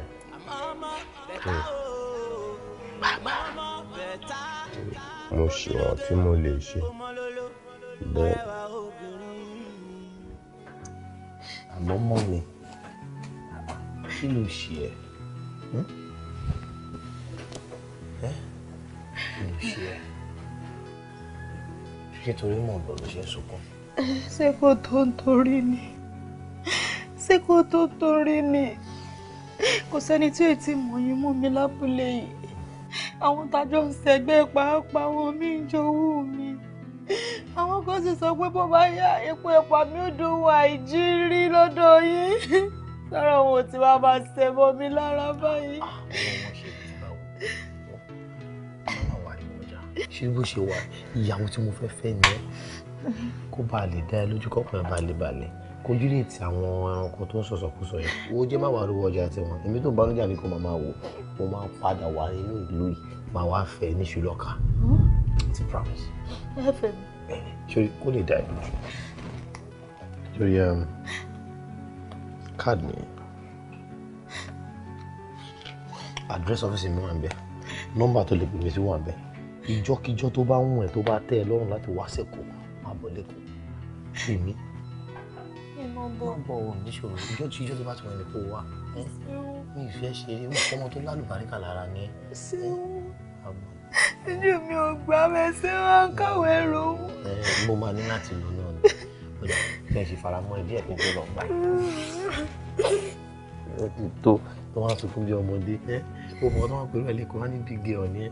[SPEAKER 3] mo
[SPEAKER 1] àmọ́ mọ́ mi kí ló ṣe
[SPEAKER 5] hm? ẹ́ kí ló ṣe ẹ́ ṣé torí mọ̀ lọ ló ṣe ń sunkún.
[SPEAKER 3] ṣé kò tó ń torí ni ṣé kò tó ń torí ni kò
[SPEAKER 2] sẹ́ni tí ètí mọ̀yìn mú mi lábúlé yìí àwọn tájọ́ ń ṣẹgbẹ́ pàápàá
[SPEAKER 3] wọn mí ń jowú mi àwọn kan sì sọ pé bó bá yá epo ẹ̀pà mi ò dùn wà ìjírí lọ́dọ̀ yín sọ̀rọ̀ wọn ò ti wá máa ṣe mọ́ mi lára báyìí.
[SPEAKER 1] ṣé bó ṣe wà ìyàwó tí mo fẹ́ fẹ́ ni ẹ́ kó bá lè dá ẹ lójú kọ́kàn bá lè balẹ̀ kojú lè ti àwọn ẹranko tó ń sọ̀sọ̀kúsọ yẹn owó jẹ́ má wàá rówó ọjà tiwọn èmi tó ń banújà ní kó máa máa wò mo máa padà wá nínú ìlú yìí máa wá fẹ́ níṣu lọ́ka ti promise. ẹ fẹ́ mi sori ó lè dá ẹ lójú sori káàdì um, mi address office mi wà ń bẹ nọ́mbà tó lè pè mí sí wà ń bẹ ìjọ́kíjọ́ tó bá ń wọ̀n ẹ̀ tó mi
[SPEAKER 5] bọ̀ wọ̀ níṣòro ìjọ tí ìjọ tí bá ti wọ̀ ní kó wá mi ìfẹ́
[SPEAKER 3] ṣe eré mọ̀ ọmọ tó lálùbáríkà lára ni ojú mi ò gbà mẹsẹ wọn káwọn ẹrù òun.
[SPEAKER 5] mo máa ní láti lò náà ni kódà kí ẹ sì fara mọ́ ẹbí ẹ kí n tó lọ gbà ẹ ti tó tó wá sunkún
[SPEAKER 1] bí ọmọdé ẹ mo mọ tó wá pẹ̀lú ẹ lẹkọọ ní big girl ni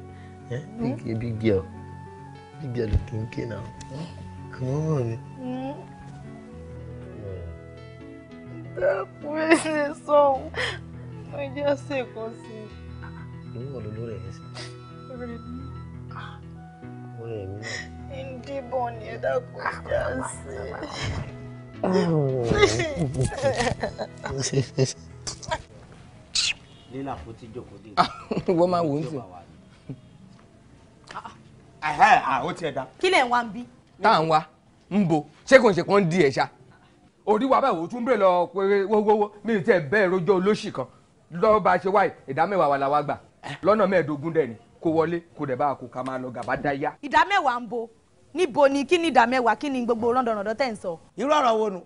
[SPEAKER 1] ẹ hmm? big girl big girl
[SPEAKER 6] big girl kì í ké náà àmọ́ mọ mi.
[SPEAKER 3] dákun ẹ ṣe sọhùn ẹ jẹ́ sí i.
[SPEAKER 4] ìwọ ló lórí ẹ sí
[SPEAKER 3] lórí ẹ̀mí náà. ìdìbò ni ẹ dákun já
[SPEAKER 5] sí.
[SPEAKER 1] lílà fún tí jòkó dé. wọ́n máa wò ó sí. ó tiẹ̀ dá.
[SPEAKER 2] kí lẹ̀ ń wá ń bí.
[SPEAKER 1] tá à ń wá ń bo ṣé kò ń ṣe kó di ẹ̀ ṣá orí wa báyìí òtún bèrè lọ pé wọ́wọ́wọ́ mi ì tẹ́ bẹ́ẹ̀ rojọ́ olóṣì kan lọ́ọ́ ṣe wáyé ìdá mẹ́wàá wa la wá gbà lọ́nà mẹ́ẹ̀ẹ́dógún dẹ̀ ni kó wọlé kó dẹ̀ bá a kó ká máa lọ gàba dá yá.
[SPEAKER 2] ìdá mẹ́wàá ń bo níbo ni kí ni ìdá mẹ́wàá kí ni gbogbo rọ́ndọ̀rọ̀dọ̀ tẹ̀ ń sọ.
[SPEAKER 1] irú ọ̀rọ̀ wo nù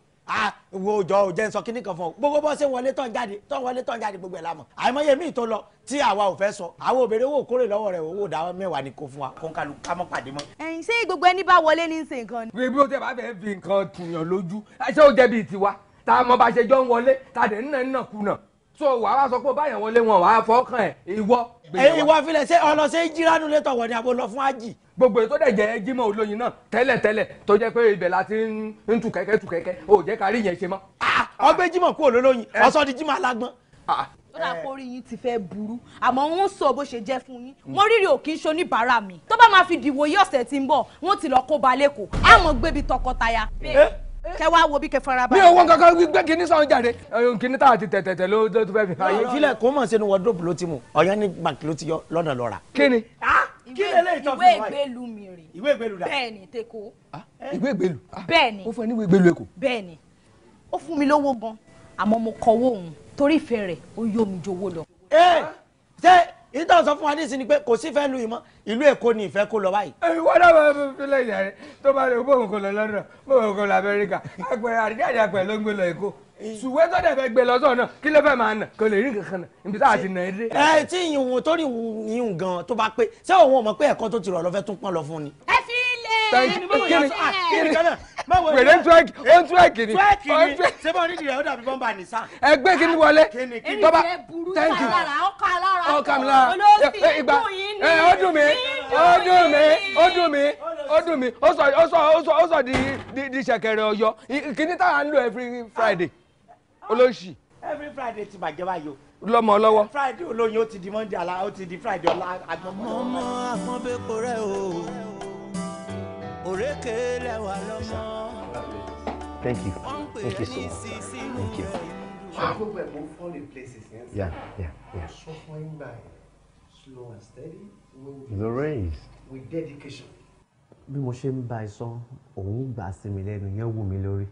[SPEAKER 1] wo jọ jẹ́ ń sọ kíní kan fún ọ gbogbo bọ́ ṣe wọlé tán jáde tán wọlé tán jáde gbogbo ẹ̀ la mọ̀ àìmọye míì tó lọ tí àwa ò fẹ́ sọ àwọn òbèrè wò kórè lọ́wọ́ rẹ̀ owó dá mẹ́wàá ni kò fún wa kó ń kálu ká pàdé mọ́.
[SPEAKER 2] ẹ̀yin ṣé gbogbo ẹni bá wọlé ní ṣe nǹkan
[SPEAKER 1] ni. bí o tẹ bá fẹ́ fi nǹkan tùyàn lójú ṣé o jẹ́ bíi tiwa tá a mọ bá ṣe jọ ń wọlé tá a dẹ̀ ń nà ń nà kùnà so wàá wá sọ pé báyẹn wọlé wọn wàá fọkàn ẹ ìwọ. ẹyin ìwọ filẹ ṣé ọlọ ṣe jíránù létọ wọ ni àbò lọ fún àjì. gbogbo ètò dẹ̀ jẹ́ jimoh olóyin náà tẹ́lẹ̀tẹ́lẹ̀ tó jẹ́ pé ibẹ̀ la ti ń tu kẹ́kẹ́ tu kẹ́kẹ́ ò
[SPEAKER 2] jẹ́ ká rí yẹn ṣe mọ́. Ah, ọgbẹ́ jimoh kú olólóyin ọsọ di jimoh alágbọ́n. Ah, ah.
[SPEAKER 5] ó dà kó rí yín
[SPEAKER 2] ti fẹ́ burú àmọ́ wọ́n sọ bó ṣe jẹ́ fún yín wọ́n rírì òkì ṣo níbàárà mi tó bá máa fi dìwòye ọ̀sẹ̀ tí ń bọ̀ wọ́n ti lọ kó balẹ̀ kó àmọ́ gbébi tọkọtaya. Eh? kẹ wá wo bí kẹ fara balẹ̀. mi ò wọ
[SPEAKER 1] kankan gbé kinní sọ̀rọ̀ jáde kinní tá a ti tẹ̀ tẹ̀tẹ̀ ló tó fẹ́ fi fa. àyè ìfilẹ̀ kò mọ̀ sínú wọ́dúrópù ló ti mú ọ̀yán ní bàǹkì ló ti yọ lọ́nà lọ́ra. kíni. Ah,
[SPEAKER 2] ìwé ìgbélu mi rè. ìwé ìgbélu da. bẹ́ẹ̀ni teko. Ah, ìwé ìgbélu. Ah, bẹ́ẹ̀ni. ó fún mi lówó gan àmọ́ mo kọwó òun torí ìfẹ́ rẹ̀
[SPEAKER 1] ìtàn sọ fún wa nísìnyí pé kò sí fẹ́ lu ìmọ̀ ìlú èkó ni ìfẹ́ kó lọ báyìí. ẹyin wọn náà máa fi filẹ̀ ìyá rẹ tó bá lè bóun kò lọ London bóun kò lọ Amẹ́ríkà àpẹẹrẹ àdìdí àdìdí àpẹẹrẹ ló ń gbé lọ Èkó sùwé tó dẹ̀ fẹ́ gbé lọ sọ̀nà kí ló fẹ́ máa nà kò lè rí nǹkan kan nà ibi tá a ti nà é ẹ tí ìyún tó rí gan tó bá pé ṣé òun ò mọ̀ pé ẹ
[SPEAKER 3] thank you kiri kiri wèrè tíwáìkì ó tíwáìkì ni ó oh, tíwáìkì ṣé bọ́ọ̀
[SPEAKER 1] nídìí rẹ̀ ó dàbí bọ́ǹbà nìsan. ẹgbẹ́ kí ni wọlé tọ́ba ah, thank you
[SPEAKER 3] ọkà mi lára ìgbà ó dùn mí ó dùn mí ó dùn
[SPEAKER 1] mí ó dùn mí ó sọ ó sọ ó sọ ó di di ṣẹ̀kẹ̀rẹ̀ Ọ̀yọ́ kíní táwa ń lò every Friday olóṣì. every Friday ti bàjẹ́ báyìí lọmọ lọ́wọ́. Friday olóyin ó ti di Monday ala ó ti di Friday ọlá agbọmọ.
[SPEAKER 3] ọmọ àpọ̀nbẹ́pọ̀ rẹ o òrékè lẹ́wà lọ́mọ.
[SPEAKER 8] thank
[SPEAKER 5] you thank you so much thank you. Wow. yeah yeah yeah. sọ fún slow and steady. the race. with dedication. bí mo ṣe ń bá ẹ òun gbà sí mi lẹ́nu yẹn wù mí lórí.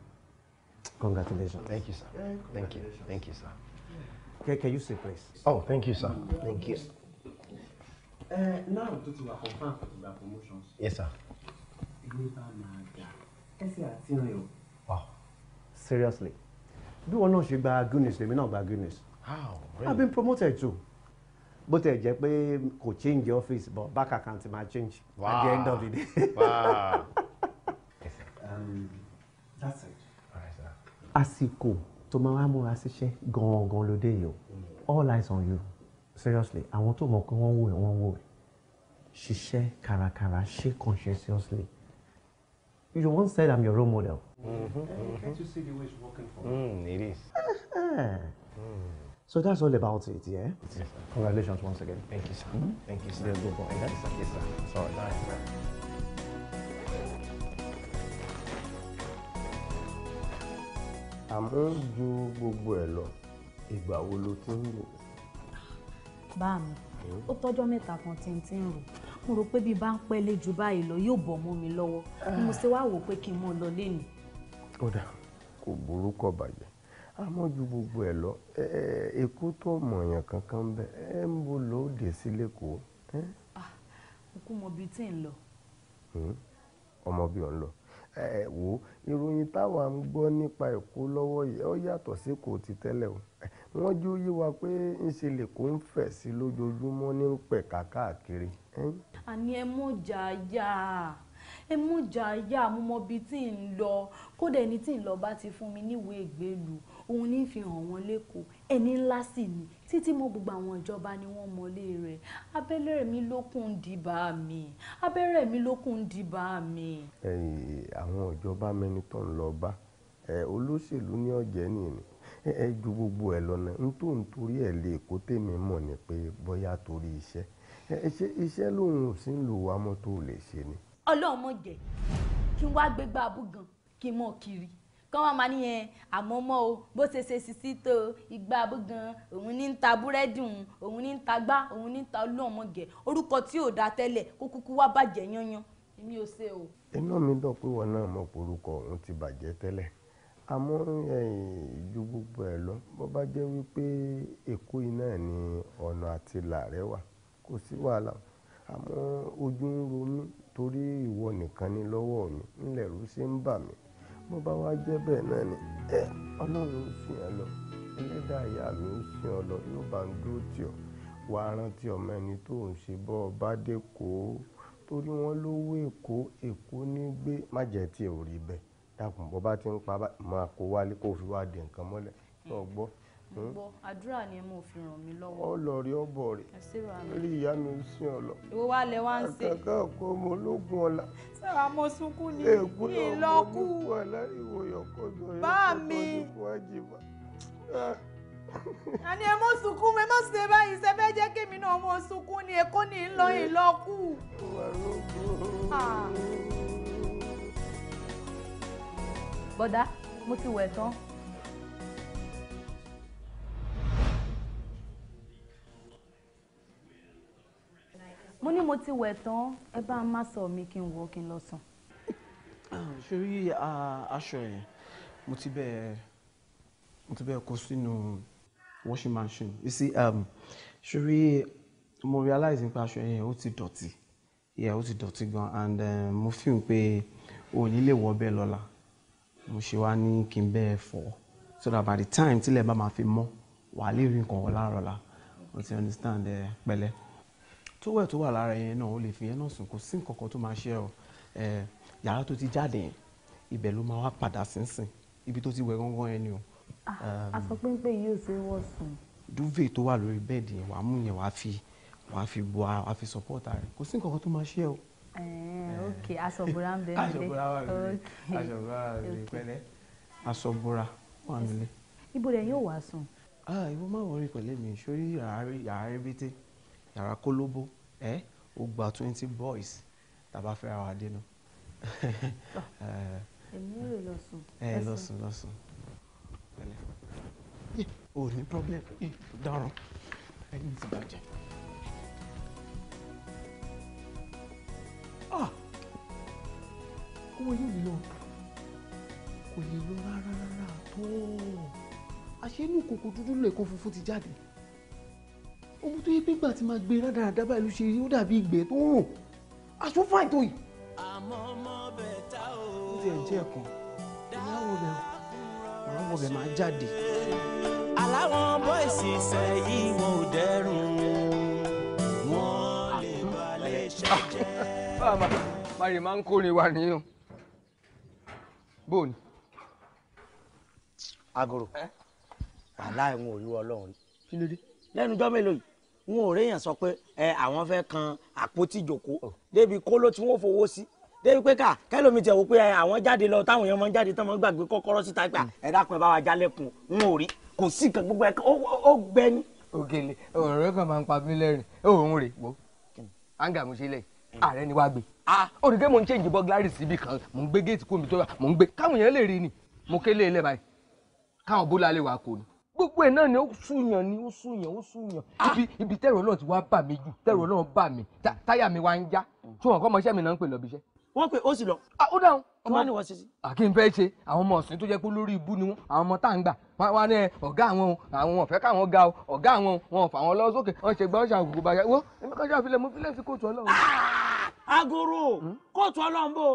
[SPEAKER 5] congratulations. thank you sir thank you thank you sir. Can, can you say please? Oh, thank you, sir. Thank you. Uh, now, to our confirm for the promotions. Yes, sir wow seriously bí wọn náà ṣe gba good news lèmi náà gba good news.
[SPEAKER 8] how i've
[SPEAKER 5] been promoted too bó tẹ̀ jẹ́ pé kò change the office but back account ma change wow. at the end of the day. wow. um, that's it. àsìkò tó máa wá múra síṣẹ́ gan-an ló dé yìí o all eyes on you seriously àwọn tó mọ̀ pé wọ́n wò ẹ́ wọ́n wò ẹ́ ṣiṣẹ́ kárakára ṣe conscientiously you once said I'm your role model. Mm-hmm. Mm-hmm. Can't you see the way she's working for? Mm, it is. So that's all about it, yeah? Yes, sir. Congratulations once again. Thank you, sir. Mm-hmm. Thank you, sir. good boy. Yes, sir. Yes, sir. Sorry. Nice, sir.
[SPEAKER 4] àmọ́ ju gbogbo ẹ̀ lọ ìgbà wo ló ti ń rò.
[SPEAKER 2] bá ó tọ́jọ́ mẹ́ta kan tí n ti ń rò mo rò pé bí bá ń pẹ́ lé ju báyìí lọ yóò bọ̀ mọ́ mi lọ́wọ́ ni mo ah. ṣe wá wò pé kí n mọ lọ lẹ́nu.
[SPEAKER 4] kódà kò burú bàjẹ́ àmọ́ ju gbogbo ẹ̀ lọ èkó tó mọ̀ọ́yàn kankan bẹ ẹ ń bo lọ sí lẹ́kọ̀ọ́.
[SPEAKER 2] n kò mọ tí ń lọ.
[SPEAKER 4] Hmm? ọmọ bí ò ń lọ ẹ wò ó ìròyìn táwa ń gbọ́ nípa Èkó lọ́wọ́ yìí ó yàtọ̀ sí Èkó ti tẹ́lẹ̀ o wọ́n jó yé wa pé ńṣe lèkó ń fẹ̀ sí lójoojúmọ́ ní pẹ̀ka káàkiri.
[SPEAKER 2] àní ẹ mọ̀jà yá ẹ mọ̀jà yá mo mọ ibi tí ń lọ kódà ẹni tí ń lọ bá ti fún mi níwèé ìgbélùú òun ní fi hàn wọ́n lẹ́kọ̀ọ́ ẹni ńlá sì ni títí mọ́ gbogbo àwọn ìjọba ni wọ́n mọlé rẹ̀ abẹ́rẹ́ mi lókun ń dìbà mi abẹ́rẹ́ mi lókun ń dìbà mi.
[SPEAKER 4] ẹyìn àwọn ìjọba mẹni tó ń lọ bá ẹ olóṣèlú ní ọ̀jẹ̀ nìyẹn ẹ ju gbogbo ẹ lọ́nà n tó ń lè kó tèmi mọ̀ ni pé bóyá torí iṣẹ́ ẹ ṣe iṣẹ́ lòun ò sí ń lò wá tó lè ṣe ni.
[SPEAKER 2] ọlọ́run kí n wá gbégbá abúgan kí n mọ̀ kiri kán wá máa níyẹn àmọ́ mọ́ o bó ṣe ṣe sisi tó igbá abúgan òun ní ń ta búrẹ́dì òun òun ní ń ta gbá òun ní ń ta olú ọmọge orúkọ tí ò dáa tẹ́lẹ̀ kó kúkú wá bàjẹ́ yányán èmi ò ṣe o. iná
[SPEAKER 4] mi dọ̀ pé wọn náà mọ̀ pé orúkọ òun ti bàjẹ́ tẹ́lẹ̀ àmọ́ ju gbogbo ẹ̀ lọ bó bá jẹ́ wípé èkó iná ni ọ̀nà àti làárẹ̀ wà kò sí wàhálà àmọ́ ojú ń ro mí torí ìwọ nìkan ni lọ́wọ́ mi ńlẹ̀ rú ṣe ń bà mí bó bá wá jẹ́ bẹ́ẹ̀ náà ni ẹ ọlọ́run ń sìn ẹ lọ ẹlẹ́dàá ìyá mi ń sìn ọ lọ yóò bá ń dúró tì ọ wà á rántí ọmọ ẹni tó ń ṣe bọ́ ọ bá dé kó o torí wọn lówó èkó èkó ní gbé má jẹ́ tí ò rí bẹ́ẹ̀ dàkùn bó bá ti ń pa máa kó wálé kó fi wá dé nǹkan mọ́lẹ̀ náà gbọ́ gbọ́
[SPEAKER 2] hmm. àdúrà ni ẹ mọ̀ fi ràn mí lọ́wọ́. ọ
[SPEAKER 4] lọ rí ọbọ rẹ rí ìyá mi sí ọ lọ. ìwọ
[SPEAKER 2] wa lẹ wá ń ṣe. àkàkà
[SPEAKER 4] kó mo lógun ọ̀la.
[SPEAKER 2] sábà mo sunkún ní ìlọkù.
[SPEAKER 4] bá mi. Ah.
[SPEAKER 2] a ní ẹ mọ sunkún mi mọ ṣe báyìí ṣe fẹ́ jẹ́ kí èmi náà mọ sunkún ní èkó ní ìlọ ìlọkù. Ah. bọ́dá mo ti wẹ̀ tán. mo ní mo ti wẹ̀ tán ẹ bá má sọ mi kí n wọ kí n lọ sùn.
[SPEAKER 7] sórí aṣọ yẹn mo ti bẹ́ẹ̀ mo ti bẹ́ẹ̀ kó sínú washing machine you see um, sórí mo realize nípa aṣọ yẹn ó ti dọ̀tí yẹ ó ti dọ̀tí gan and eh, mo fi hàn pé o ní lè wọ bẹ́ẹ̀ lọ́la mo ṣe wá ní kí n bẹ́ẹ̀ fọ̀ so that by the time tílẹ̀ bá máa fi mọ́ wàá lè rí nǹkan wọ̀ láàárọ̀ la o ti understand eh, pẹ̀lẹ́. Uh, tó wẹ̀ tó wà lára yẹn náà o lè fi yẹn náà sùn kò sí nǹkan kan tó máa ṣe ọ yàrá tó ti jáde yẹn ibẹ̀ ló máa wá padà sínsìn ibi tó ti wẹ̀ gángan yẹn ni o. aṣọ ah, ehm,
[SPEAKER 2] péńpé yìí ò ṣe é wọ̀ sùn.
[SPEAKER 7] duvet tó wà lórí bẹ́ẹ̀dì yẹn wàá mú yẹn wàá fi wàá fi bu ara wàá fi support ara rẹ kò sí nǹkan kan tó máa ṣe ọ.
[SPEAKER 2] ok aṣọ bora ń bẹ nílé
[SPEAKER 7] aṣọ wà nílé pẹ̀lẹ́ aṣọ bora wà nílé.
[SPEAKER 2] ibo rẹ̀ yóò wá sùn.
[SPEAKER 7] ìwọ ah, máa wọrí pẹ̀lẹ́ mi sórí yàrá rẹ̀ bìtẹ́ yàrá kólóbó ẹ ó gba twenty boys tàbá fẹ́ ra wa dénú. èmi rè lọ sùn. ẹ lọ sùn lọ sùn o ní problem dáràn ẹni tí bàjẹ́. Ah! owó yìí lọ kò lè lọ rárá rárá tó àṣé inú kòkò dúdú lè kó funfun ti jáde
[SPEAKER 1] ọmọ tó yẹ pé gbà tí máa gbé e rádaràdá báyìí ló ṣe rí ó dàbí ìgbẹ́ tó rùn aṣọ fáìn tó yìí. àmọ́ ọmọ
[SPEAKER 3] bẹ̀ tá o. ó ti ẹ̀ jẹ́ ẹ̀kan ìyáwó rẹ̀ màá wọ̀ bẹ̀ máa jáde. aláwọn bọ́ìsì sẹ́yìn wọn ò dẹ́rùn wọn lè balẹ̀ ṣẹ̀jẹ̀. báwa
[SPEAKER 4] máa máa ń kórè wa nìyí
[SPEAKER 1] o agoro wàhálà ẹ̀wọ̀n òru ọlọ́run. kí ló dé lẹ́nu ọjọ́ mélòó yìí wọn ò réèyàn sọ pé ẹ àwọn fẹ́ kan àpótí ìjòkó oh. débi kóló tí wọ́n fowó sí débi pé ká kẹlòmí tiẹ̀ wò pé àwọn jáde lọ táwọn èèyàn máa ń jáde tán máa ń gbàgbé kọ́kọ́rọ́ síta gbà ẹ dákun ẹ bá wa jálẹ̀kùn wọn ò rí kò sí nǹkan gbogbo ẹ ó gbẹ ni. ògèlè ọ̀rọ̀ kan máa ń pa mí lẹ́rìn òun rè wò áńgà mo ṣe lẹ̀ ààrẹ ni wàá gbé ó rí mo ń change burglary síbi kan mo ń gbé géètì gbogbo ẹ̀ náà ni ó súnyàn ni ó súnyàn ó súnyàn ah. ibi ibi tẹ̀rọ náà ti wá bà mí jù tẹ̀rọ náà bà mí táyà mi wá ń já tí wọn kọ́ ọmọ iṣẹ́ mi náà ń pè lọ́bíṣẹ́. wọ́n pe ó sì lọ. Ah, ó dáhùn ọmọ ni wọ́n ṣe sí. àkínfẹ́ ṣe àwọn ọmọ ọ̀sìn tó jẹ́ pé lórí ibú ni wọ́n àwọn ọmọ tá à ń gbà wá ní ọ̀gá àwọn àwọn ọ̀fẹ́ káwọn ga ọ ọ̀gá àwọn wọn fà wọn lọ sókè wọn ṣe gbọ́ ṣàgùkù bàjẹ́ wọ́n èmi kan ṣàfilẹ̀ mú fílẹ̀ sí kóòtù ọlọ́run. Ah! agoro hmm? kóòtù ọlọ́run bò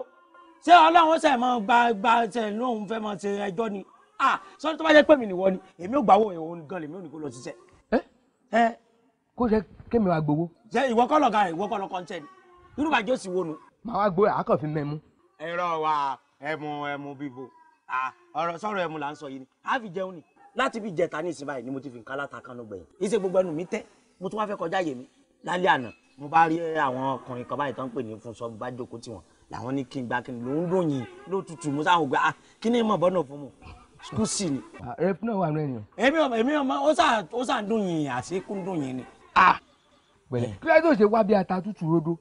[SPEAKER 1] ṣé ọlọ́run ṣe máa gba ṣe lóun fẹ́ máa ṣe ẹjọ́ ni ah sọ́ni tó bá jẹ́ pé mi nìwọ ni èmi ò gbàwó yẹn òun gan lèmi ò ní kó lọ ṣiṣẹ́. ẹ ẹ kó jẹ kémi wa gbowó. jẹ ìwọ kọ́ lọ̀gá rẹ̀ ìwọ kọ́ lọ kọ́ńtẹ́ ni irú bá jẹ́ òsì wo nu. màá wá gbowó àákàn fi mẹ́mu. ẹ̀rọ wa ẹmu ẹmu bíbo ah, ọ̀rọ̀ sọ̀rọ̀ ẹmu là ń sọ yìí ni a fi jẹun ni láti fi jẹta ní ìsìn báyìí ni mo ti fi nǹkan látàkàn lọ gbẹ̀yìn iṣẹ́ gbogbo ẹnu mi tẹ́ mo tún wá fẹ́ kọjá yèmí lálẹ́ àná mo bá rí àwọn ọkùnrin kan báyìí tó ń pè ní fún sọ bá jókòó tiwọn làwọn ní kí n gbá kí n lòún ròyìn lótùtù mo sáwọn gbé ah kí ni mo bọ́ fún mi skul sí ni. rep náà wà lẹ́yìn o. èmi ọmọ èmi ọmọ ó sà ó sà ń dùn yìnyín àṣekú ń dùn yìnyín ni. pẹ̀lẹ́ kí ló dé òṣè wá bí ata tútù rodo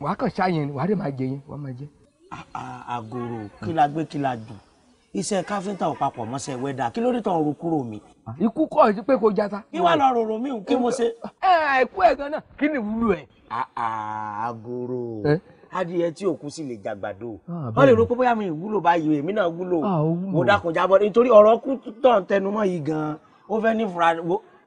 [SPEAKER 1] wàá kàn ṣáyẹn ni wàá dé máa jẹ yẹn wàá máa jẹ. àgòrò kí gbé kí dùn iṣẹ́ káfíńtà ò mọ́ṣẹ́ wẹ́dà kí ló dé tán ro kúrò mi. ikú kọ́ ẹ̀ pé kò jata. kí wàá lọ rorò mí kí mo ṣe. ẹ ẹ kú ẹ gan náà kí ni wúlò ẹ. àgòrò adìyẹ tí òkú sì lè jàgbàdo ah, wọn lè rò pé bóyá mi ìwúlò báyìí èmi náà wúlò ah, mo dákun jábọ̀ nítorí ọ̀rọ̀ kú tàn tẹnumọ́ yìí gan-an ó fẹ́ ní fura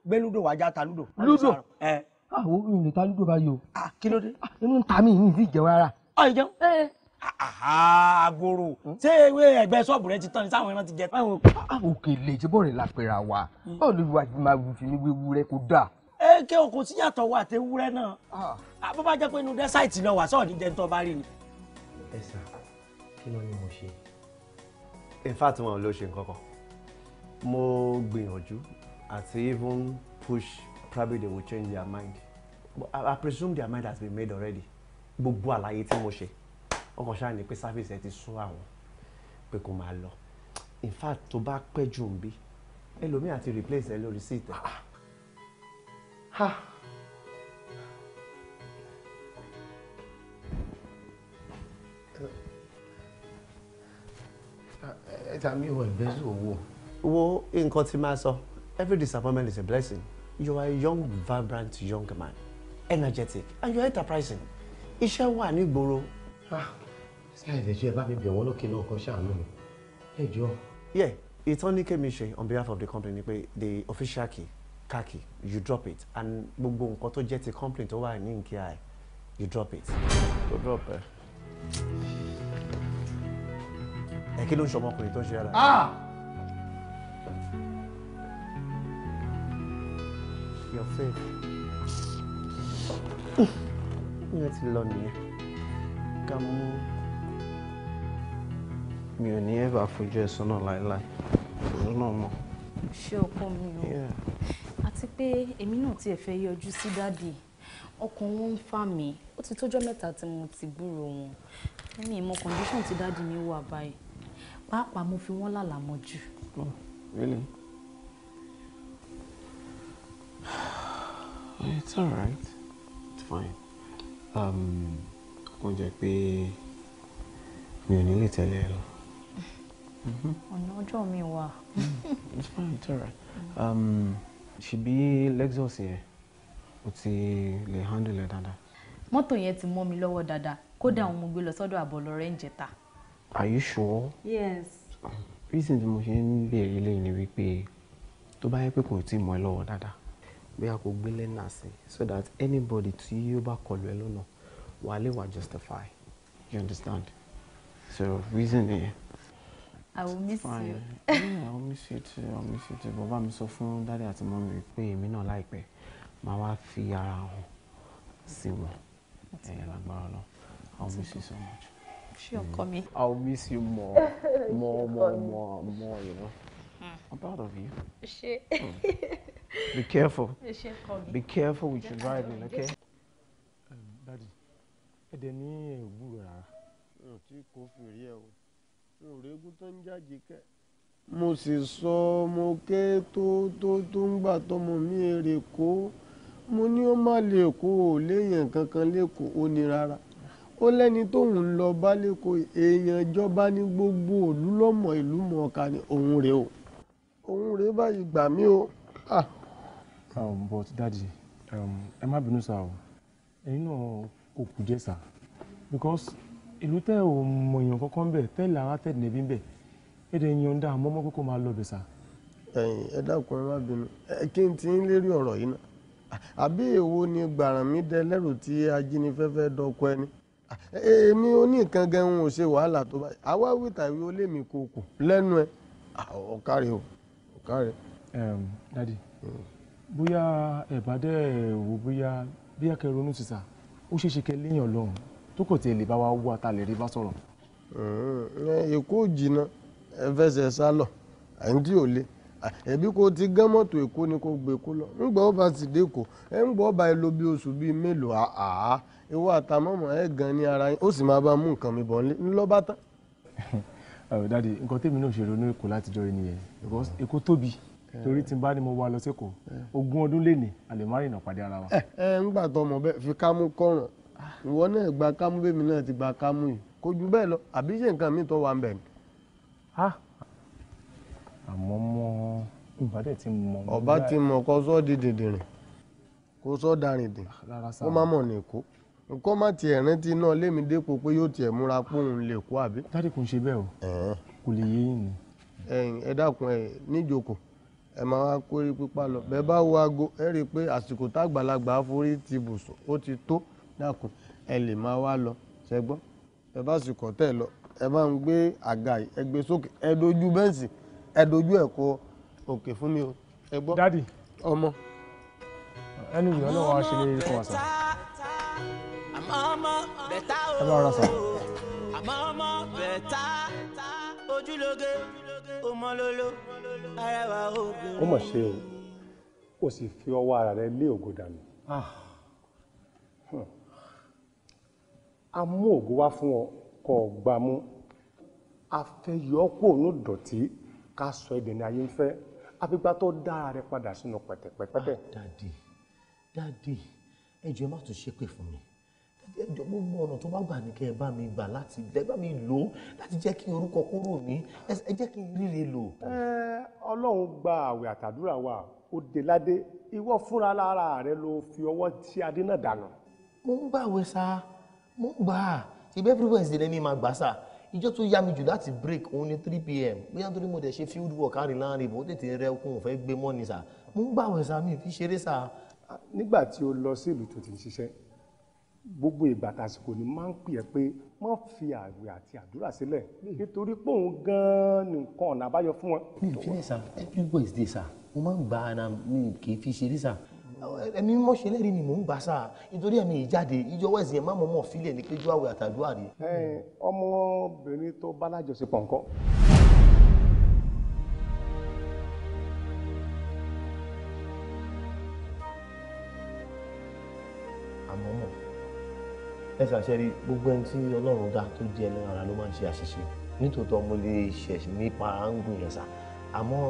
[SPEAKER 1] gbé lúdò wájà ta lúdò. lúdò àwọn ìrìn ta lúdò báyìí o. Ah, kí ló dé. inú ta mi ìrìn sì jẹun rárá. ọ ìjẹun. agoro hmm? ṣé ewé ẹgbẹ ṣọọbù rẹ ti tán ni sáwọn ẹran ti jẹ. òkèlè ìṣẹ́bọ̀rẹ̀ la pera wa hmm. báwo ló wà ní ma fi mi wéwu rẹ kó dáa. ẹ kẹ́ o síyàtọ̀ wà àtẹwúrẹ́ náà. Ah, bó bá jẹ́ pé inú dẹ́sáìtì lọ wà sọ́ọ̀ ní jẹ́ tó bá rí ni.
[SPEAKER 5] ẹ sà kí ló ní mo ṣe. in fact wọn ò lọ ṣe nǹkan kan mo gbìyànjú àti even push probably they will change their mind but I, presume their mind has been made already gbogbo àlàyé tí mo ṣe wọn kàn ṣáà ní pé service ẹ ti sún àwọn pé kò máa lọ in fact tó bá pẹ́ jù ń bí ẹlòmíì àti replace ẹ lórí sí ìtẹ́. Ah, ah. ẹ̀ta mi ò invest owó. wo nǹkan tí máa sọ every disappointment is a blessing you are a young vibrant young man energetic and you are enterprising iṣẹ́ wà ní ìgboro. Ah, ṣé àìsèjú ẹ bá mi bẹ̀ wọ́n lókè náà kan ṣàánú mi ẹjọ́. yeah ìtàn ní kémi ṣe on behalf of the company ni pé the official key khaki you drop it and gbogbo nǹkan tó jẹ́ ti complaint tó wà ní nkí you drop it. to drop ẹ. Eh? ẹ kí ló ń ṣọmọkùnrin tó ń ṣe ara. Ah! your faith mi ò ti lọ nìyẹn ká mú
[SPEAKER 7] mi ò ní ẹ̀bà fojú ẹ̀sùn náà láéláé òun náà mọ̀.
[SPEAKER 2] ṣé ọkọ mi o àti pé èmi náà tiẹ̀ fẹ́ yọjú sí dáàdì ọkàn wọn ń fà mí ó ti tójọ́ mẹ́ta tí mo ti gbúròó wọn mi ìmọ̀ condition ti dáàdì mi wà báyìí pàápàá mo fi wọ́n lálàmọ́ jù. Oh,
[SPEAKER 7] it's all right. It's fine. Um, kò jẹ́ pé mi ò ní lè tẹ̀lé ẹ lọ.
[SPEAKER 2] Mm-hmm. Ọ̀nà ọjọ́ mi wà. Mm,
[SPEAKER 7] it's fine. It's all right. Um, ṣebí Lexus yẹn o ti lè handle ẹ dáadáa.
[SPEAKER 2] Mọ́tò yẹn ti mọ́ mi lọ́wọ́ dáadáa kódà òun mm. mo gbé lọ sọ́dọ̀ àbọ̀lọ́rẹ́ ń jẹta.
[SPEAKER 7] Are you sure? Yes. Reason tí mo ṣe ń béèrè lẹ́yìn ni wípé tó bá yẹ pé kò tí ì mọ ẹ lọ́wọ́ dáadáa bóyá kò gbé lẹ́nà sí so that anybody tí yóò bá kọlu ẹ lọ́nà wàá lè wà justify you understand? So reason nìyẹn.
[SPEAKER 2] I will miss you. yeah,
[SPEAKER 7] I will miss you too. I will miss you too. Bàbá mi sọ fún dáadé àti mọ́mí mi pé èmi náà láìpẹ́ máa wá fi ara hàn sí wọn. Ẹ̀yẹ lágbára lọ. I will miss you so much. Sure, call me. I'll miss you more, more, more, more, more. You know.
[SPEAKER 2] Mm. I'm proud of you. Sure. Mm.
[SPEAKER 7] Be careful. Sure, call me. Be
[SPEAKER 2] careful with
[SPEAKER 8] your driving, okay? Um, Daddy, ẹ dẹ ní ewu rà.
[SPEAKER 4] Mi ò o. Mi ò régún tó ń jáde kẹ. Mo sì sọ mo ké tó tó tó ń gbà tọmọ mi èrè kó. Mo ní ó má lè kó o léèyàn kankan lẹ́kọ̀ọ́ ó ní rárá ó lẹ́ni tóun ń lọ bá lẹ́kọ̀ọ́ èèyàn ìjọba ní gbogbo òlú lọ́mọ ìlú mọ̀ọ́ká ni òun rèé o òun rèé báyìí gbà mí o.
[SPEAKER 8] Um, but daddy um, ẹ má bínú sá o ẹ̀yin náà kò kù jẹ́ sá because ìlú tẹ́ ò mọ èèyàn kankan bẹ̀ tẹ́ làrá tẹ́ nẹ̀bí bẹ̀ ẹ̀ dẹ̀ yan dá àmọ́ mọ́kókó máa lọ bẹ̀ sá.
[SPEAKER 4] ẹ̀yin ẹ dákun ẹ má bínú kí n ti ń lérí ọ̀rọ̀ yìí náà àbí èwo ni gbàràmídẹ lẹ́rù tí ajínigbé fẹ́ ẹni èmi oní nǹkan gan ń ṣe wàhálà tó báyìí àwa wítàwí ó lé mi kòkò lẹ́nu ẹ̀
[SPEAKER 8] ọ̀kárẹ̀ o ọ̀kárẹ̀. dadi bóyá ẹ̀bádẹ́ wo bóyá bí ẹ̀kẹ́ ronú sísà ó ṣeé ṣe kẹ́ léèyàn lọ́hùn tó kò tiẹ̀ lè bá wa wú ata lè rí bá sọ̀rọ̀.
[SPEAKER 4] Hmm, èkó jìnnà ẹ fẹsẹ̀ sá lọ àyíntí ò le ẹbí kò ti gán mọ́tò èkó ni kò gbé kó lọ ńgbà ó bá ti dé kó ńgbà bá ẹ lò bí oṣù bíi mélòó àá ìwọ àtàmọ́mọ́ ẹ̀ gan ní ara yín ó sì máa bá
[SPEAKER 8] mú nǹkan mi bọ̀ ńlọ́bá tán. ọ̀rọ̀ dáàdi nǹkan tèmi náà ṣe ronú èkó látijọ́ yìí nìyẹn èkó tóbi eh. torí tí n bá ní mo wá lọ sẹ́kọ̀ọ́ eh. ogún ọdún lénìí àlèmárì náà pàdé ara wa. ẹ
[SPEAKER 4] eh, ẹ ń gbà tó ọmọ bẹ́ẹ̀ fi kámú kọràn ìwọ náà gba kámú bẹ́ẹ̀ mi náà ti gba kámú yìí kò ju bẹ́ẹ̀ lọ àbí ṣe nǹkan mi tó wà ń bẹ̀ ni. Ah! àmọ́ mọ́ ìbádẹ́ ti mọ̀. ọba ti mọ̀ kó sọ́ọ́ di dìndìnrín kó sọ́ọ́ darìndìn
[SPEAKER 8] ah, ó má
[SPEAKER 4] mọ̀ ní èkó kó má tiẹ̀ rántí náà lémi dépò pé yóò tiẹ̀ múra póun lè kó àbí. dáàdì kò ń ṣe bẹ́ẹ̀ o kò lè yé yín ni. ẹ dákun ẹ níjókòó ẹ máa wá kórí pípa lọ bẹ́ẹ̀ bá wo aago ẹ rí i pé àsìkò tágbàlagbà forí ti bùsùn ó ti tó dákun ẹ lè máa wá lọ ṣẹgbọ́n ẹ bá sì kọ́ lọ ẹ bá ń gbé àga yìí ẹ gbé sókè ẹ dojú bẹ́ǹsì ẹ dojú ẹ̀ òkè fún mi o ẹ gbọ́. dádì ọmọ ẹnu
[SPEAKER 3] ìyọ́ náà ṣe lè kọ́ àṣà
[SPEAKER 4] ẹ bá ọ̀rọ̀ sọ.
[SPEAKER 3] àmọ́ ọmọ bẹ̀tà ojúlóge ọmọlólo arẹwà ogun. ó mà ṣe
[SPEAKER 8] o ó sì fi ọwọ́ ara rẹ lé ògo dànù. Ah. Hmm. a mú ògo wá fún ọ kó o gbà mú a fẹ́ yọ ọ́ kúrò ní dọ̀tí ká sọ ẹ̀dẹ̀ ní ayé ń fẹ́ abígbá tó dára rẹ padà sínú pẹ̀tẹ̀pẹ̀tẹ̀. dadi
[SPEAKER 1] dadi ẹjọ má tún ṣépè fún mi ẹjọ gbogbo ọ̀nà tó bá gbà ní kẹ́ ẹ bá mi
[SPEAKER 8] gbà láti ẹ bá mi lò ó láti jẹ́ kí orúkọ kúrò ní ẹ jẹ́ kí n ríre lò. ọlọ́run gba àwẹ̀ àtàdúrà wa ó dé ládé ìwọ fúnra lára rẹ ló fi ọwọ́ tí adé náà dànù.
[SPEAKER 1] mo ń gbà àwẹ̀ sá mo ń gbà á ṣebí every Wednesday lẹ́ni máa gbà sá ìjọ tó yá mi jù láti break òun ní three pm bóyá nítorí mo dẹ̀ ṣe field work àárín láàrin ìbò ó tètè rẹ okun òfẹ́ gbé mọ́ ni sá mo ń gbà àwẹ̀ sá mi fi ṣeré sá.
[SPEAKER 8] nígbà tí o lọ sí ìlú tó ti ń ṣiṣẹ́ gbogbo ìgbà tàsìkò ni máa ń pè ẹ́ pé má fi àwẹ̀ àti àdúrà sílẹ̀ hmm. nítorí pé òun gan-an ni nǹkan ọ̀nà àbáyọ fún wọn. mi
[SPEAKER 1] ò fi ní sà every Wednesday sà mo máa ń gba ara mi kì í fi ṣeré sà ẹ̀mí mọ́ ṣe lẹ́rìí ni mò ń gbà sá nítorí ẹ̀mí ìjáde ìjọ wẹ̀sì ẹ̀ má mọ̀ mọ̀ fílẹ̀ ní péjú àwẹ̀ àtàdúrà rẹ̀.
[SPEAKER 8] ọmọbìnrin tó bá lájọṣepọ̀ nǹkan.
[SPEAKER 5] àmọ́ mọ̀ ẹ ṣàṣẹrí gbogbo ẹni tí ọlọ́run dá tó di ẹni ara ló máa ń ṣe àṣìṣe nítòótọ́ mo lè ṣẹ̀ nípa áńgùn yẹn sá àmọ́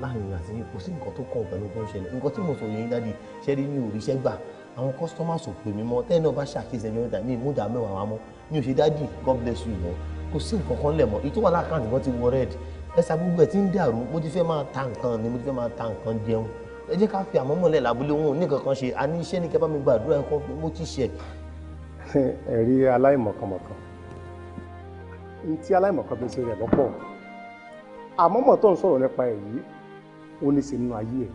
[SPEAKER 5] láàrin àti kò sí nǹkan tó kàn pẹ̀lú bó ń ṣẹlẹ̀ nǹkan tí mo sọ yẹn dáàdi ṣẹ́rí mi ò ríṣẹ́
[SPEAKER 1] gbà àwọn customers ò pè mí mọ́ tẹ́ẹ̀ náà bá ṣàkíyèsí ẹjọ́ mẹ́ta mi ìmúdà mẹ́wàá wa mọ́ mi ò ṣe dáàdi god bless you mọ́ kò sí nǹkan kan lẹ̀ mọ́ ìtọ́wà láàkáǹtì kan ti wọ red ẹ̀sà gbogbo ẹ̀ ti ń dàrú mo ti fẹ́ máa ta nǹkan ni mo ti fẹ́ máa ta nǹkan jẹun ẹ jẹ́ ká fi àmọ́mọ́lẹ̀ làbúlé wọn ò ní kankan ṣe àní
[SPEAKER 8] iṣẹ́ ní kẹfà mi gbàdúrà ẹ̀kọ́ mo ti ṣẹ̀ ẹ̀rí aláìmọ̀kànmọ̀kàn ní tí aláìmọ̀kàn fi ṣe rẹ̀ lọ́pọ̀ àmọ́ mọ̀ tó ń sọ̀rọ̀ nípa ẹ̀ yìí òun ní sínú ayé ẹ̀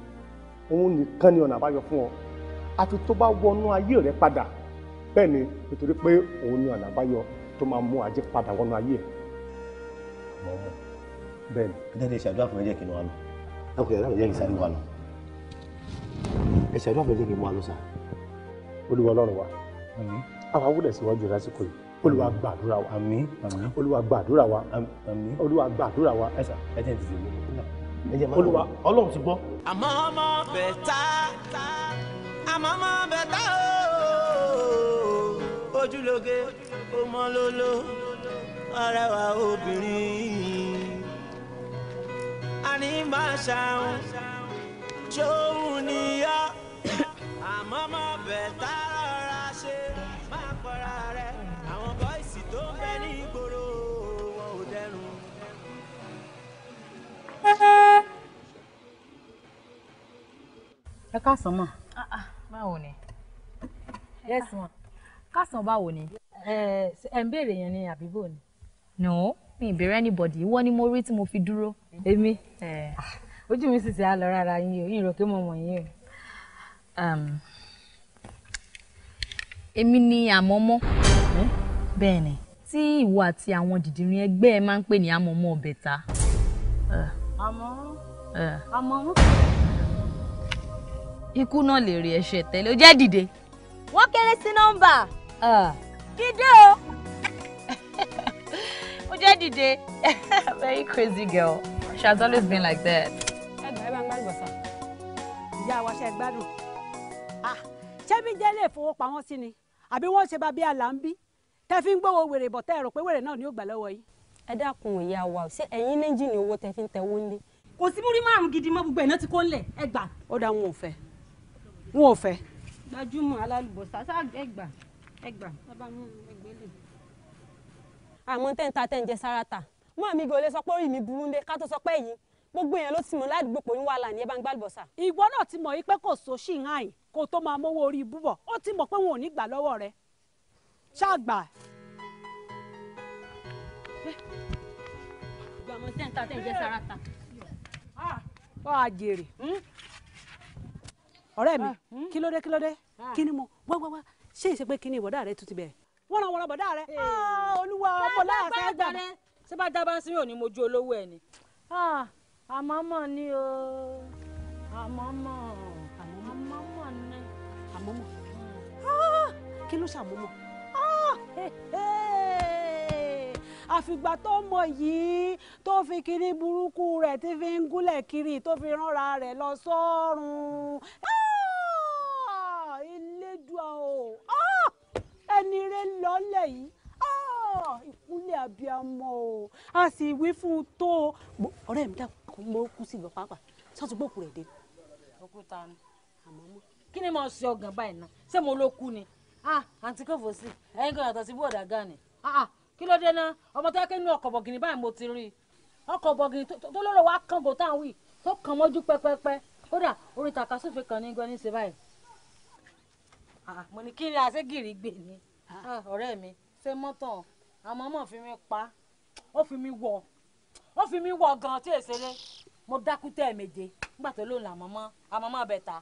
[SPEAKER 8] òun nìkan ni ọ̀nà àbáyọ fún ọ àfi tó bá wọnú ayé rẹ padà bẹ́ẹ̀ ni nítorí pé òun ni ọ̀nà àbáyọ tó máa mú ajé padà wọnú ayé ẹ̀.
[SPEAKER 5] àmọ́ ọmọ bẹ́ẹ̀ ni. ẹ dáadé ṣàdúrà fún mi jẹ́
[SPEAKER 1] kí
[SPEAKER 8] n wà lọ ẹ kò yàrá mi jẹ́ kí n wà lọ ẹ ṣàdúrà fún mi jẹ́ kí n wà lọ sá àwa wúlẹ̀ síwájú lásìkò yìí olúwa gbàdúrà wa àmín àmín olúwa gbàdúrà wa àmín olúwa gbàdúrà wa ẹ̀sà ẹ̀jẹ̀ ti dìbò ẹ̀jẹ̀ máa olúwa ọlọ́run ti gbọ́.
[SPEAKER 3] àmọ́ ọmọ bẹ̀ tá àmọ́ ọmọ bẹ̀ tá o ojúlóge ọmọ lólo arẹwà obìnrin àní máa ṣàwọn ṣòun níyà àmọ́ ọmọ bẹ̀ tá lára rẹ àwọn bọ́ìsì tó ń bẹ ní ìgboro wọn ò dẹrùn.
[SPEAKER 2] ẹ káàsán mà. Ah, ah, báwo ni. yes ma. káàsán báwo ni. ẹ ń béèrè yẹn ni àbíbò ni. no mi ìbéèrè anybody ìwọ ni mo rí tí mo fi dúró. èmi eh, ojú mi sì ti á lọ rárá yín o yín rò pé mo mọ̀ yín o. Um, èmi ni àmọ́mọ́ eh? bẹ́ẹ̀ ni tí ìwọ àti àwọn dìdìrín ẹgbẹ́ ẹ máa ń pè ní àmọ́mọ́ ọbẹ̀ ta. Eh. àmọ́ eh. àmọ́ ikú náà lè rí ẹsẹ̀ tẹ́lẹ̀ ó jẹ́ dìde. wọ́n kéré sí nọ́mbà dídé o ó jẹ́ dìde very crazy girl she has always been like that. ẹgbẹ́ bá ń gbá ìwọ̀sán ìyá wa ṣe gbádùn ah, ṣé bí jẹ́ ilé ìfowópamọ́sí ni àbí wọ́n ṣe bàbí àlàmbí tẹ́ fi ń gbowó wèrè bọ̀ tẹ́ rò pé wèrè náà ni ó gbà lọ́wọ́ yìí. ẹ dákun ìyá wa ṣé ẹ̀yin méjì ni owó tẹ́ fi ń tẹwó lé. kò sí múrí márùn gidi mọ́ gbogbo ẹ̀nà tí kò ń lẹ̀ ẹ gbà. ó dá wọn ò fẹ́ wọn ò fẹ́. gbajúmọ̀ alálùbọ̀sà ṣáà ẹ gbà ẹ gbà bàbá mi ẹgbẹ́ lè. àmọ́ tẹ́ ń ta tẹ́ ń jẹ sáràtà mọ́ mi gòlè sọ pé orí mi burú lé ká tó sọ pé yìí gbogbo èèyàn ló ti mọ̀ ládùúgbò pé ń wà lánìí ẹ bá ń gbàlùbọ̀sà. ìwọ náà ti mọ̀ yí pé kò sóṣì ń hàn yìí kó tó máa mówó orí búbọ̀ ó ti mọ̀ pé wọn ò ní gbà lọ́wọ́ rẹ ṣáàgbà. ìgbà mo sẹ́ńtà tẹ̀ ń jẹ́ sáràtà. ọ ah, àjèrè hmm? ọ̀rẹ́ mi ah, hmm? kí ló dé ah. mo wá wá wá ṣé ìṣe pé kí ìwọ̀dà rẹ tún ti bẹ̀rẹ̀ wọ́n ràn wọ́n ràn bọ̀dá rẹ eh. olúwa ọmọ láàṣẹ gbà mí. ṣé bá dábàá sí òní mojú olówó ẹ ni. àmọ́ mọ̀ ni o àmọ́ mọ̀. Ah, kí ló ṣàmúmọ̀ ah, àfìgbà tó mọ yìí tó fi kiri burúkú rẹ̀ tí fi ń gúnlẹ̀ kiri tó fi ránra rẹ̀ lọ sọ́run ah, elédùá o ah, ẹni rẹ lọ́lẹ̀ yìí ìkúnlẹ̀ abiyamọ o a sì wí fún un tó ọ̀rẹ́ mi dà mo kú sí ìgbà pàápàá sọ́tún gbòkú rẹ̀ dé. òkúta ni kí ni mo ṣe ọgàn báyìí náà ṣé mo ló kú ni ah, àǹtí kòfò sí ẹ̀yin kan yàtọ̀ sí bóòdà gan ni ah, ah, kí ló dé náà ọmọ tó yẹ kí inú ọkọ̀ bọ̀gìnì báyìí mo ti rí ọkọ̀ bọ̀gìnì tó lọ́rọ̀ wá kàngò táwọn wì tó kàn mọ́jú pẹ́pẹ́pẹ́ kódà orí takasúfè kan ní gbẹ́ni ṣe báyìí. mo ní kí ni àṣegìrì gbè ni ọ̀rẹ́ mi ṣe mọ́tò àmọ́ mọ̀ fi mi pa ó fi mi wọ̀ ó fi mi wọ̀ gan-an tí èsèlé mo dákú tẹ́ẹ̀ méje nígbà tó lóun làmọ́ mọ́ àmọ́ bẹ̀ ta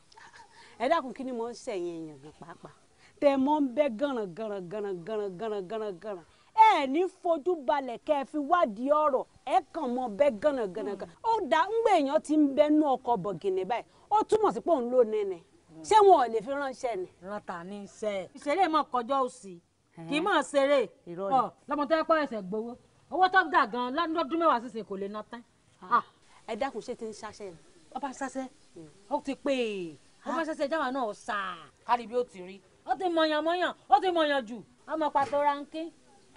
[SPEAKER 2] ẹ dákun kí ni mo ń sẹ̀yìn èèyàn gan pàápàá tẹ mọ́ ń bẹ́ gànràn gànràn gànràn gànràn gànràn gànràn gànràn ẹ ní fojú balẹ̀ kẹ́ ẹ fi wádìí ọ̀rọ̀ ẹ kàn mọ́ bẹ́ gànràn gànràn gànràn ó dá ńgbé èèyàn ti ń bẹ́ nú ọkọ̀ bọ̀gìnì báyìí ó túmọ̀ sí pé òun ló nẹ́nẹ̀ ṣé wọn ò lè fi ránṣẹ́ ni. rántà ní iṣẹ́ ìṣeré mọ̀ kọjọ́ òsì kì í mọ̀ ṣeré lọ́mọ tó yẹ pọ́ ẹsẹ̀ gbowó owó tó dà gan lọ́dún mẹ́wàá sísè kò lè ná tán. Ah. Ah. ẹ dákun ṣé ti ń ṣaṣẹ́ ni. ọba ṣaṣẹ́ hmm. ó ti pè é ó máa ṣẹ̀ṣẹ̀ jáwa náà sà. kárí bí ó ti rí. ó ti mọyàn mọyàn ó ti mọyàn jù ọmọ pàtó ránkí.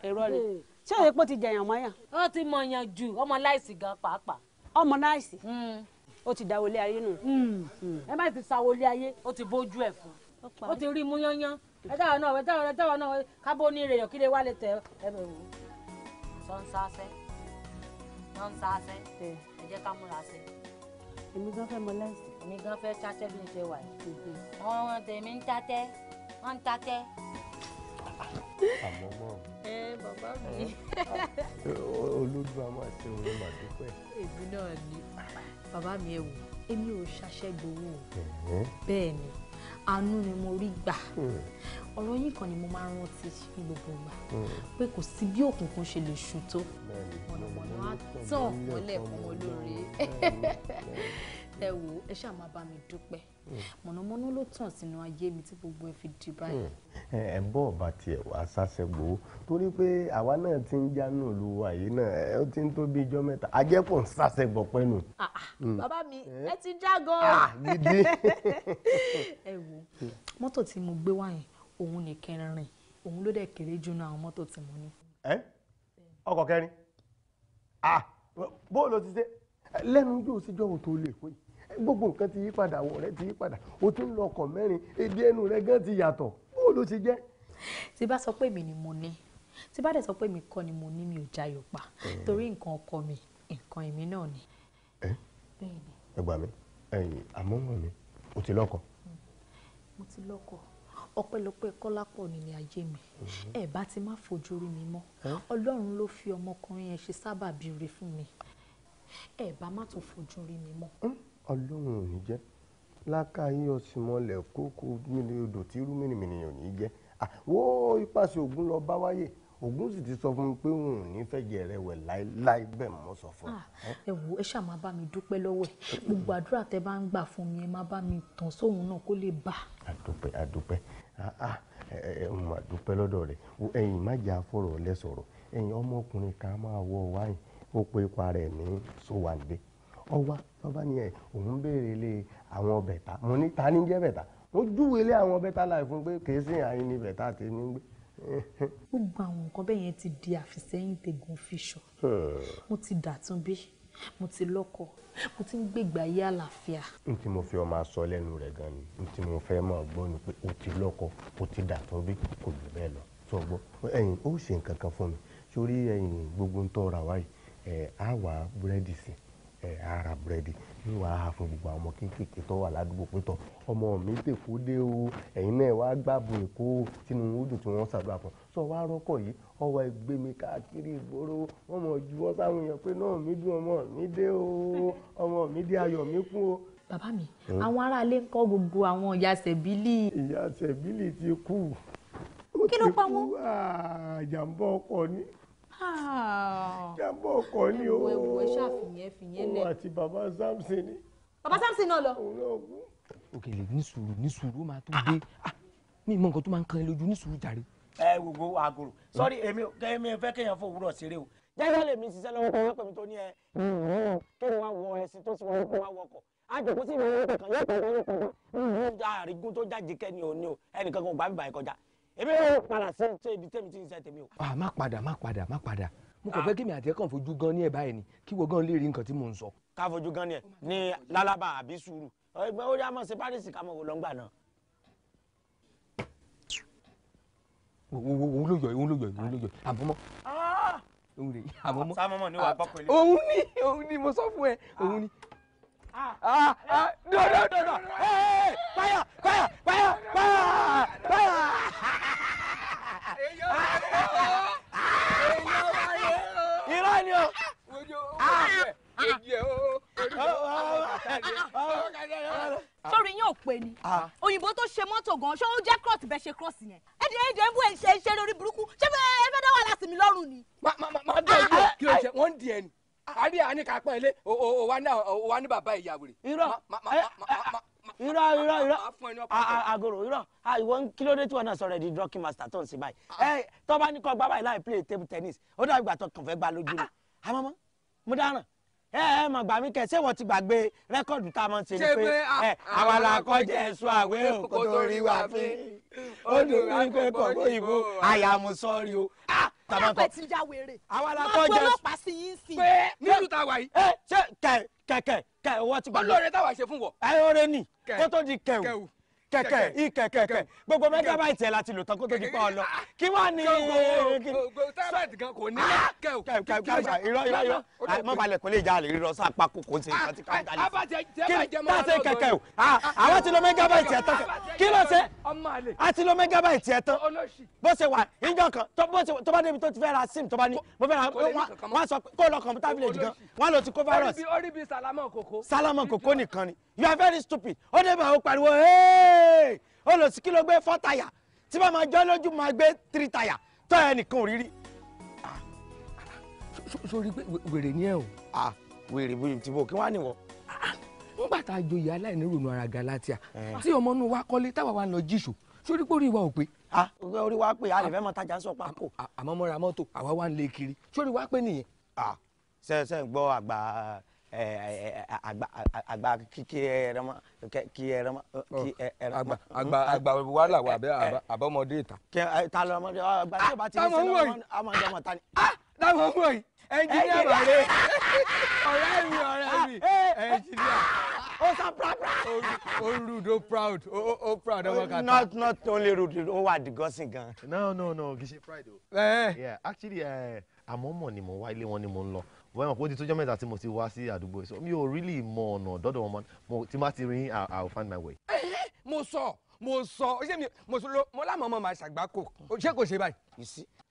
[SPEAKER 2] èrò rẹ hmm. ṣé òye pé ó ti jẹyàn mọyàn. ó ti mọyàn jù ọmọ láìsí gan pàápàá. ọmọ láìsí. Hmm. ó ti da wọlé ayé nù. Hmm. ẹ má ti sa wọlé ayé ó ti bójú ẹ fún ó ti rí mú yányán ẹ jáwa náà ẹ jáwa náà ẹ jáwa náà kábó ní ìrèyàn kí lè wá tẹ ẹ bẹ wò. sọ ń sáṣẹ sọ ń sáṣẹ ẹ jẹ ká múra sí. èmi gan fẹ́ mọ láìsí èmi gan fẹ́ ṣáṣẹ́ bí n ṣe wà yìí ọ̀ràn tèmi ń tatẹ́ wọ́n ń tatẹ́.
[SPEAKER 3] àmọ́ mọ́ mi. ẹ bàbá mi.
[SPEAKER 4] olójú a máa ṣe òun mà dúpẹ́.
[SPEAKER 2] èmi náà ni bàbá mi ẹ wò èmi ò ṣaṣẹ́ o bẹ́ẹ̀ ni àánú ni mo rí gbà hmm. ọ̀rọ̀ yín kan ni mo máa ń rántí ní gbogbo ìgbà hmm. pé kò sí bí òkùnkùn ṣe lè ṣú tó mọ̀nàmọ́ná á tàn mọ́lẹ̀ fún olóore ẹ wò ẹ ṣáà máa bá mi dúpẹ́ mọ̀nàmọ́ná ló tàn sínú ayé mi tí gbogbo ẹ fi di báyìí.
[SPEAKER 4] ẹ bọ́ ọba tiẹ̀ wá sásẹ̀gbò torí pé àwa náà ti ń jánu lu àyè náà ẹ ti ń tó bí ijọ́ mẹ́ta ajẹ́pọ̀ ń sásẹ̀gbọ̀ pẹ́nu. Ah, ah, hmm. bàbá
[SPEAKER 2] mi ẹ ti jágọ́. Ah, ẹ wo mọ́tò tí mo gbé wá òun nìkan rìn òun ló dẹ̀ kéré jù àwọn mọ́tò tí mo ní.
[SPEAKER 4] ẹ ọkọ̀ kẹrin bóòlù ti ṣe lẹ́nu yóò ṣíjọ́ òtò lè pè é gbogbo nǹkan ti yí padà wọ̀ rẹ ti yí padà o tún lọ ọkọ̀ mẹ́rin èdè ẹnu rẹ gan ti yàtọ̀ bóò ló ti jẹ́. tí bá sọ pé mi ni mo ní tí bá dẹ̀ sọ pé mi kọ́
[SPEAKER 2] ni mo ní mi ò jayọ̀ pa torí nǹkan ọkọ mi nǹkan èmi náà ni. ẹ
[SPEAKER 4] ẹ gbà mí ẹ̀yin àmọ́mọ́ mi o ti lọ́kọ.
[SPEAKER 2] Hmm. mo ti lọ́kọ ọpẹ́lọpẹ́ kọlápọ nílé ayé mi hmm. ẹ bá ti má fojú rí mi mọ́ Ọlọ́run ló fi ọmọkùnrin yẹn ṣe sábàbí rere fún mi ẹ bá má tún fojú rí mi mọ́. Hmm.
[SPEAKER 4] Ọlọ́run ò ní jẹ́. Láká yín ọ̀sìn mọlẹ̀ kóko mini odò tí rú mìnìmìnì ò ní jẹ́. À wó ipasẹ̀ Ògún lọ bá wáyé. Ògún sì ti sọ fún mi pé òun ò ní fẹ́ jẹ rẹ wẹ̀ láíláí bẹ́ẹ̀ mọ́ sọ fún un.
[SPEAKER 2] Ẹ wo ẹ ṣáà máa bá mi dúpẹ́ lọ́wọ́ ẹ̀. Gbogbo àdúrà tẹ bá ń gbà fún mi ẹ máa bá mi tàn sóhun náà kó lè bà.
[SPEAKER 4] Àdúpẹ́ àdúpẹ́ ẹ mo máa dúpẹ́ lọ́dọ̀ rẹ̀ ẹ̀yin má jẹ́ afọ̀rọ̀ lẹ́sọ̀rọ̀ ẹ̀yin ọmọkùnrin kan máa wọ wáyìn ó pe ipa rẹ̀ ní Sówándé ọ wá lọ́ba ni ẹ̀ òun béèrè lé àwọn bẹ̀tà mo ní ta ní jẹ́ bẹ̀tà mo júwe lé àwọn bẹ́tà láì fún pé kì í sìn àyín ni bẹ̀tà ti ní gbé.
[SPEAKER 2] gbogbo àwọn nǹkan bẹ́ẹ̀ yẹn ti di àfisẹ́yìn tegun fíṣọ
[SPEAKER 4] hmm.
[SPEAKER 2] mo ti dàtún bí mo ti lọ́kọ mo ti ń gbègbà ayé àlàáfíà.
[SPEAKER 4] n tí mo fi ọmọ asọ lẹ́nu rẹ̀ gan ni n tí mo fẹ́ máa gbọ́ ni pé o ti lọ́kọ o ti dàtún bí kò jù bẹ́ẹ̀ lọ sọ gbọ́ ẹ̀yin ó ṣe nǹkan kan fún mi sórí ẹ̀yin gbogbo ń tọ́ ra wáyé ẹ̀ á wà búrẹ́dì sí i ara búrẹ́dì yóò wá ha fún gbogbo àwọn ọmọ kéékèèké tó wà ládùúgbò pẹ́tọ́ ọmọ mi tèkó dé o ẹ̀yin náà wá gbàbọ̀ èkó tínú odò tí wọ́n ṣàdúrà fún sọ wá rọ́kọ̀ yìí ọwọ́ ẹgbẹ́ mi káàkiri ìgboro wọ́n mọ̀ ju wọ́n sáwọn èèyàn pé náà mi dùn ọmọ mi dé o ọmọ mi dé ayọ̀ mi kún o.
[SPEAKER 2] bàbá mi hmm? àwọn aráalé ń kọ́ gbogbo àwọn ìyá sẹ̀bílì.
[SPEAKER 4] ìyá sẹ̀bílì ti kú. kí ló pa wọn. ó ti kú ah, ni jábọ̀ ọkọ ni o ẹwọ ṣàfihàn fìyẹn lẹ. òun àti bàbá Samson ni.
[SPEAKER 2] bàbá Samson náà lọ. òun náà gún.
[SPEAKER 1] òkèlè ní sùúrù ní sùúrù máa tó dé ah, mi mọ nǹkan tó máa ń kan lójú ní sùúrù jàre. ẹ gbogbo àgòrò sọrí èmi èmi fẹ́ kéèyàn fún òwúrọ̀ ṣeré o jẹ́jẹ́ lèmi
[SPEAKER 3] ṣiṣẹ́ lọ́wọ́ kan wọ́n pè mí tó ní ẹ kí ni wàá wọ ẹṣin tó ti wọ́n kó wá wọkọ̀ àjòkó sí ìwọ̀n wọn kọ̀ọ̀kan yóò kọ̀ọ̀kan
[SPEAKER 1] yóò kọ̀ọ̀kan àrígún tó jáde kẹ́ni òní o ẹnìkan kan ò gbà mí kọjá èmi ò padà sẹ́yìn tó ibi tẹ́mi ti ń sẹ́ tèmi o. a ah, má padà má padà má padà mo kàn ah. fẹ́ kí mi àti ẹ kàn fojú gan ní ẹ báyìí ni kí wo gan lè rí nǹkan tí mò ń sọ. ká fojú gan ní ẹ ní lálábà àbí sùúrù ẹgbẹ́ ó yá sí paris ká mọ̀ wò lọ́ngbà náà. òun ló yọ òun ló yọ òun ló yọ àbọ̀mọ́ ah! òun rè àbọ̀mọ́ sámọ́mọ́ ni wàá bọ́kọ̀ ilé. òun ni òun ni mo sọ fún ẹ òun ni.
[SPEAKER 3] dọ̀dọ̀dọ̀dọ̀ fire fire fire fire fire irọ́ ni o.
[SPEAKER 2] sọ́ọ̀rì yín ò pé ni ah. òyìnbó tó ṣe mọ́tò gan-an ṣé ó jẹ́ cross bẹ́ẹ̀ ṣe cross yẹn ẹ̀dẹ̀ ẹ̀dẹ̀ ń bú ẹ̀ ṣe ṣe lórí burúkú ṣé ẹ fẹ́ dá wàhálà sí mi lọ́rùn ni. má
[SPEAKER 1] dẹ̀ ah, yìí ah, kí o ṣe wọ́n ń di ẹni àríyá ni kápẹ́ ilé òwa ní bàbá ìyàwó rẹ̀. irọ́ irọ́ irọ́ irọ́ agoro irọ́ ìwọ kí ló dé tí wọn náà sọ̀rọ̀ di drug master tó ń sin báyìí ẹ tó bá ní kọ gbá báyìí láì play table tennis ó dàbí ìgbà tó kàn fẹ́ gbá lójú rẹ̀ àmọ́mọ́ mo dáràn ẹ ẹ mọ̀ gbà mí kẹ ṣé wọ́n ti gbàgbé rẹ́kọ̀dù tá a mọ̀ ń ṣe ni pé ẹ àwa la kọjá ẹ̀sùn àwẹ̀ òkú wa fín ó dùn mí pé kọ̀ọ̀kọ̀ òyìnbó àyàmùsọ̀rí o tàbátọ
[SPEAKER 3] àwa la tọ́ jẹ pé
[SPEAKER 1] nílùú tá a wà yìí. ṣé kẹ kẹ kẹ kẹ wọ́n ti bá olóore táwa ṣe fún wọ. ẹ ọ̀rẹ́ ni kó tó di kẹwù kẹ̀kẹ́ ìkẹ̀kẹ̀kẹ̀ gbogbo mẹgàbáìtì ẹ̀ láti lò tán kó tó di pa ọ lọ ah, kí wọ́n ní. gbogbo tábàtì gan kò ní lẹ́kẹ̀ ah, o. Ah, irọ́ irọ́ irọ́ mọ balẹ̀ kò lè já àlè rírọ sáà pako kò sí ìrántí káńtà lè fi. kí tá a ṣe kẹ̀kẹ́ o àwọn ti lo mẹgàbáìtì ẹ̀ tán kí ló ṣe a ti lo mẹgàbáìtì ẹ̀ tán bó ṣe wà ìjọ kan tó bá débi tó ti fẹ́ ra sim tó bá ní mo fẹ́ ra wọ́n sọ kó lọ kọ̀ǹpútà village gan wọ́n lọ ti kó virus. orí bíi salama koko. salama koko nìkan ni you are very stupid ó débi àwọn pariwo hey olùsí kí ló gbé four tire tí bá máa jọ́ lójú máa gbé three tire tọ́ ẹ nìkan ò rí rí. Ah, sori pé wèrè ni ẹ o. Ah, wèrè tí bò kí wọ́n á nìwọ. Ah, nígbà tá a joyè aláìnírònú ara galatia eh. tí ọmọ inú wa kọ́lé táwa wa lọ jíṣò sórí pé orí wa ò pé. orí wa pé a lè fẹ́ mọ tajà ń sọ pákó. àmọ́ mo ra mọ́tò àwa wa ń lé kiri sórí wa pé nìyẹn. sẹ́sẹ́ gbọ́ àgbà àgbà kí ẹran mọ kí ẹran mọ kí ẹran mọ. àgbà hmm? àgbà wa wà bẹ àbọmọdé ìta. kí ẹ ta lọ ọmọdé àgbà tí o bá ti ní sẹ́nu ọmọdé ọmọ ta ni. táwọn ń wò yìí ẹnjìníà bàrẹ
[SPEAKER 3] ọ̀rẹ́ mi ọ̀rẹ́ mi ẹnjìníà. Ah, eh, eh. o sa prapra.
[SPEAKER 1] o rude proud o o proud ọmọ kata. not not only rude o wa digosin gan. no no no kì pride o. ẹ eh, ẹ actually àmọ́ mọ̀ ni mo wá ilé wọn ni mo ń lọ wọ́n mọ̀ ti tó jọ́ tí mo ti wá sí àdúgbò yìí so mi ò really mọ ọ̀nà dọ́dọ̀ wọn mo ti má ti rin i will find my way. Eh, eh, mo sọ mo sọ ó mi mo sọ mo lámọ̀ ọmọ màá ṣàgbákò ṣé kò ṣe báyìí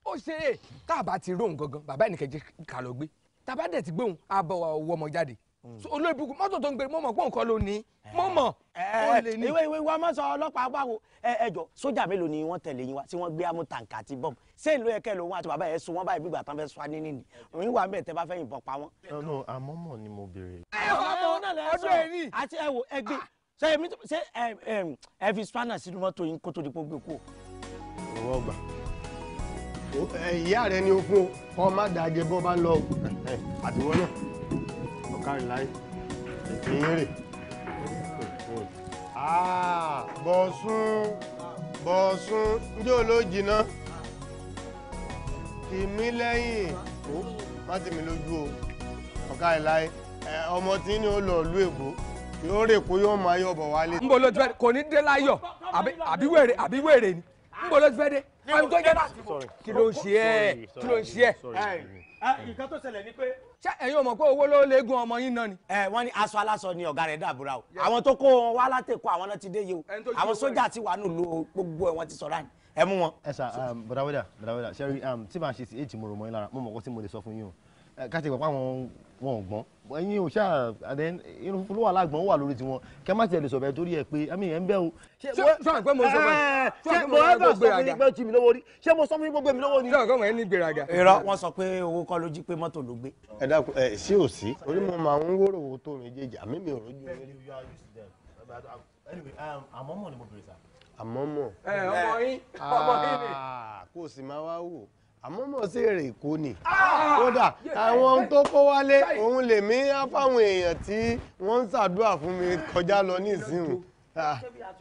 [SPEAKER 1] ó ṣeré tá a bá ti róhùn gangan bàbá ẹnìkejì kà lọ gbé tàbá dẹ̀ ti gbóhùn àbọ̀ wọ ọmọ jáde Mm. so olórí burúkú mọ́tò tó ń gbèrè mọ́mọ́ pọ́n kọ́ ló ní eh. mọ́mọ́ eh, ó lè ní. ìwé ìwé wa mọ́ sọ ọlọ́pàá báwo ẹ ẹ jọ sójà mélòó ni wọ́n tẹ̀lé yín wá tí wọ́n gbé amú tàǹkà àti bọ́ọ̀mù ṣé ìlú ẹ̀kẹ́ ló wọn àti bàbá ẹ̀ sùn wọ́n báyìí gbígbà tán fẹ́ sọ ní nìyí òun wà bẹ́ẹ̀ bá fẹ́ yìnbọn pa wọ́n. ọ̀nà àmọ́mọ́ ni mo béèrè.
[SPEAKER 4] Eh, ìyá rẹ ni o fún ọ kọ́ ọ má dàá jẹ bọ́ bá ń lọ àtiwọ́ náà kárí láì ìbéèrè ah, bọ̀sùn bọ̀sùn ǹjẹ́ olójì náà tì mí lẹ́yìn ó má tì mí lójú o ọ̀ká ẹ̀ láì ọmọ tí ní ó lọ ìlú èkó yóò rè kó yóò máa yọ̀ bọ̀ wálé.
[SPEAKER 1] ń ló ti fẹ́ kò ní dé láyọ̀
[SPEAKER 4] àbí wèrè àbí
[SPEAKER 1] wèrè ni ń bọ̀ ló ti fẹ́ dé ọ̀hún tó jẹ́ náà kí ló ń ṣe ẹ́ kí ló ń ṣe ẹ́. ìkan tó ṣẹlẹ̀ ni pé ṣé ẹ̀yin ò mọ̀ pé owó ló léegun ọmọ yín náà ni. ẹ wọ́n ní aṣọ aláṣọ ni ọ̀gá rẹ̀ dàbúrà o àwọn tó kó wọn wá látẹ̀kọ́ àwọn náà ti dé yìí o àwọn sójà ti wà nílùú gbogbo ẹ̀ wọ́n ti sọ̀rọ̀ àná ẹ mú wọn. ẹ sà bọ̀dáwẹ́dà bọ̀dáwẹ́dà ṣẹ́rí tí màá ṣe sí èjì mo rò mọ́ yín lára mo mọ̀ kó tí mo lè sọ fún yín o káti ìgbà pàwọn wọn ò gbọ́n ẹ̀yin ò ṣáà and then irun fúnfún ló wà lágbọ̀n wà lórí tiwọn kẹ́ má tiẹ̀ lè sọ̀bẹ̀ torí ẹ̀ pé ẹ̀mí yẹn ń bẹ́ o. ṣé sọ̀rọ̀ pé mo sọ pé mo sọ pé mo gbéraga ṣé mo sọ fún mi lówó rí ṣé mo sọ fún mi gbogbo mi lówó ni. sọ̀rọ̀ pé mo ní gbéraga. irọ́ wọ́n
[SPEAKER 4] sọ pé owó kọ́ ló jí pé mọ́tò ló gbé. ẹ dákun ẹ sí ò sí orí mo máa ń wóró owó tó méjèèjì àmì mi ò rójú
[SPEAKER 5] um, àmọ́mọ́
[SPEAKER 1] ẹ ọmọ yín ah. ọmọ yín ni.
[SPEAKER 4] o sì máa àmọ́ mọ̀ sí èrè èkó ni kódà àwọn ohun tó kó wálé òun lè mí á fáwọn èèyàn tí wọ́n ń ṣàdúrà fún mi kọjá lọ nísìnyìí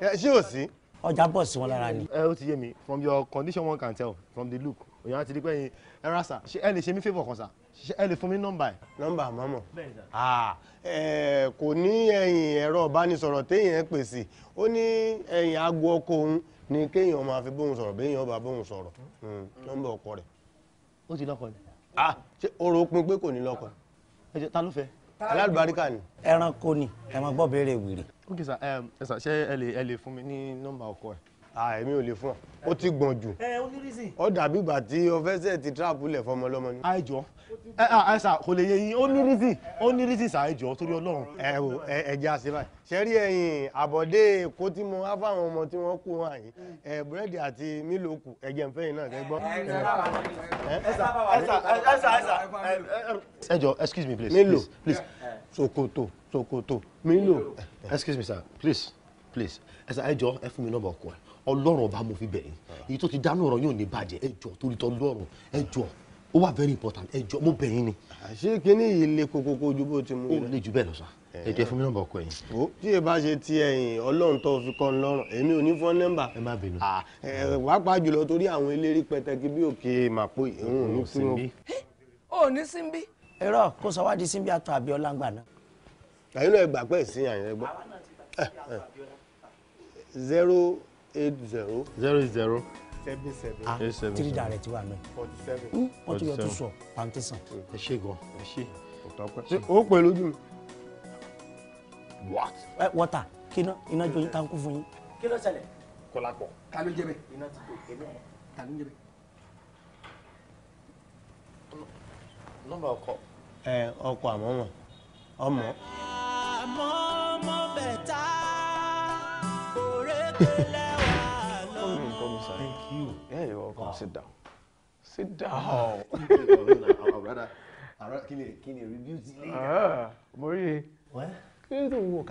[SPEAKER 4] ṣé ò sí. ọjà bọ̀ sí wọn lára
[SPEAKER 1] ni. ẹ ó ti yé mi from your condition one can tell from the look òyìnbó àti dípẹ́ yín ẹ rà sà ṣé ẹ lè ṣe mí
[SPEAKER 4] favour kan sà ṣé ẹ lè fún mi nọ́mbà ẹ. nọ́mbà mọ́mọ́ kò ní ẹ̀yìn ẹ̀rọ ìbánisọ̀rọ̀ téèyàn pè sí ó ní ẹ̀yìn aago ọkọ òun ni kéèyàn máa fi bóun sọ̀rọ̀ béèyàn bá bóun sọ̀rọ̀ hmm, nọ́mbà ọkọ rẹ̀ ó ti lọ́kọ ni. ah ṣé o rò pin pé kò ní lọ́kọ. ẹ jẹ ta ló fẹ́. alábàríkà ni. ẹranko ni ẹ máa gbọ́ béèrè wèrè. ok sa ẹ sà ṣé ẹ lè ẹ lè fún mi ní nọ́mbà ọkọ ẹ. ah èmi ò lè fún ọ ó ti gbọ̀n jù. ẹ ó ní reason. ó dàbí ìgbà tí ọfẹsẹ ti tíráàpù lẹ fọmọlọmọ ni. àìjọ ẹ sà kò lè yé yín ó ní rísì ó ní rísì sà ẹjọ torí Ọlọ́run. ẹ o ẹjẹ àṣebà ṣẹ́rí ẹ̀yìn àbọ̀dé èkó tí mo á fáwọn ọmọ tí wọ́n kú wọn àyìn ẹ búrẹ́dì àti mílò kù ẹ̀jẹ̀ ń fẹ́ yín náà kẹ́gbọ́n. ẹ jọ excuse me please
[SPEAKER 1] mílò please
[SPEAKER 4] Sokoto, Sokoto,
[SPEAKER 1] mílò excuse me sir please please ẹ sà ẹ jọ ẹ fún mi nọ́mbà ọkọ ẹ Ọlọ́run ọba mo fi bẹ̀ yín èyí tó ti dáná ọ̀rọ̀ yóò ní bàjẹ́ ẹ jọ torí lọ́rùn ẹ jọ ó wà very important
[SPEAKER 4] ẹ jọ mo bẹ̀ yín ni. àṣé kínní yìí le kokoko ju bó ti mú yín. ó le jù bẹ́ẹ̀ lọ sá ẹ jẹ́ fún mi nọ́mbà ọkọ ẹ̀yìn. o tí e bá ṣe ti ẹ̀yìn ọlọ́run tó fi kọ́ ń lọ́rùn èmi ò ní fọ́n nọ́mbà. ẹ má bínú. wàá pa jùlọ torí àwọn eléré pẹtẹkí bí òkè màpò ìhun ò ní kú wọn.
[SPEAKER 1] o ò ní síbí.
[SPEAKER 4] ẹ̀rọ kó sọ wádìí síbí àtọ àbíọ́lá ń gbà náà. àyìn náà gbà pẹ́ sí àyìn ẹgbọ́. zero eight zero. zero eight zero
[SPEAKER 8] seven seven. ah three direct wà náà. forty seven. Hm,
[SPEAKER 4] wọ́n ti yọ tó hm. ẹ ṣe gan ẹ ṣe ọ̀tọ̀pẹ́. o pè lójú mi.
[SPEAKER 1] what. ẹ wọ́tà kíná iná jọ tankú fún yín. kí ló ṣẹlẹ̀. kọlá pọ̀. ta ló iná ti tó èmi ọ̀ ta
[SPEAKER 5] ló jẹ́ ọkọ.
[SPEAKER 4] ẹ ọkọ àmọ́mọ́ ọmọ.
[SPEAKER 3] àmọ́ ọmọ bẹ̀ ta òrèkèlè.
[SPEAKER 6] Mm. Yeah, you're welcome. Wow. Sit down. Sit down. Ah,
[SPEAKER 7] mo rí e. Kí ló ń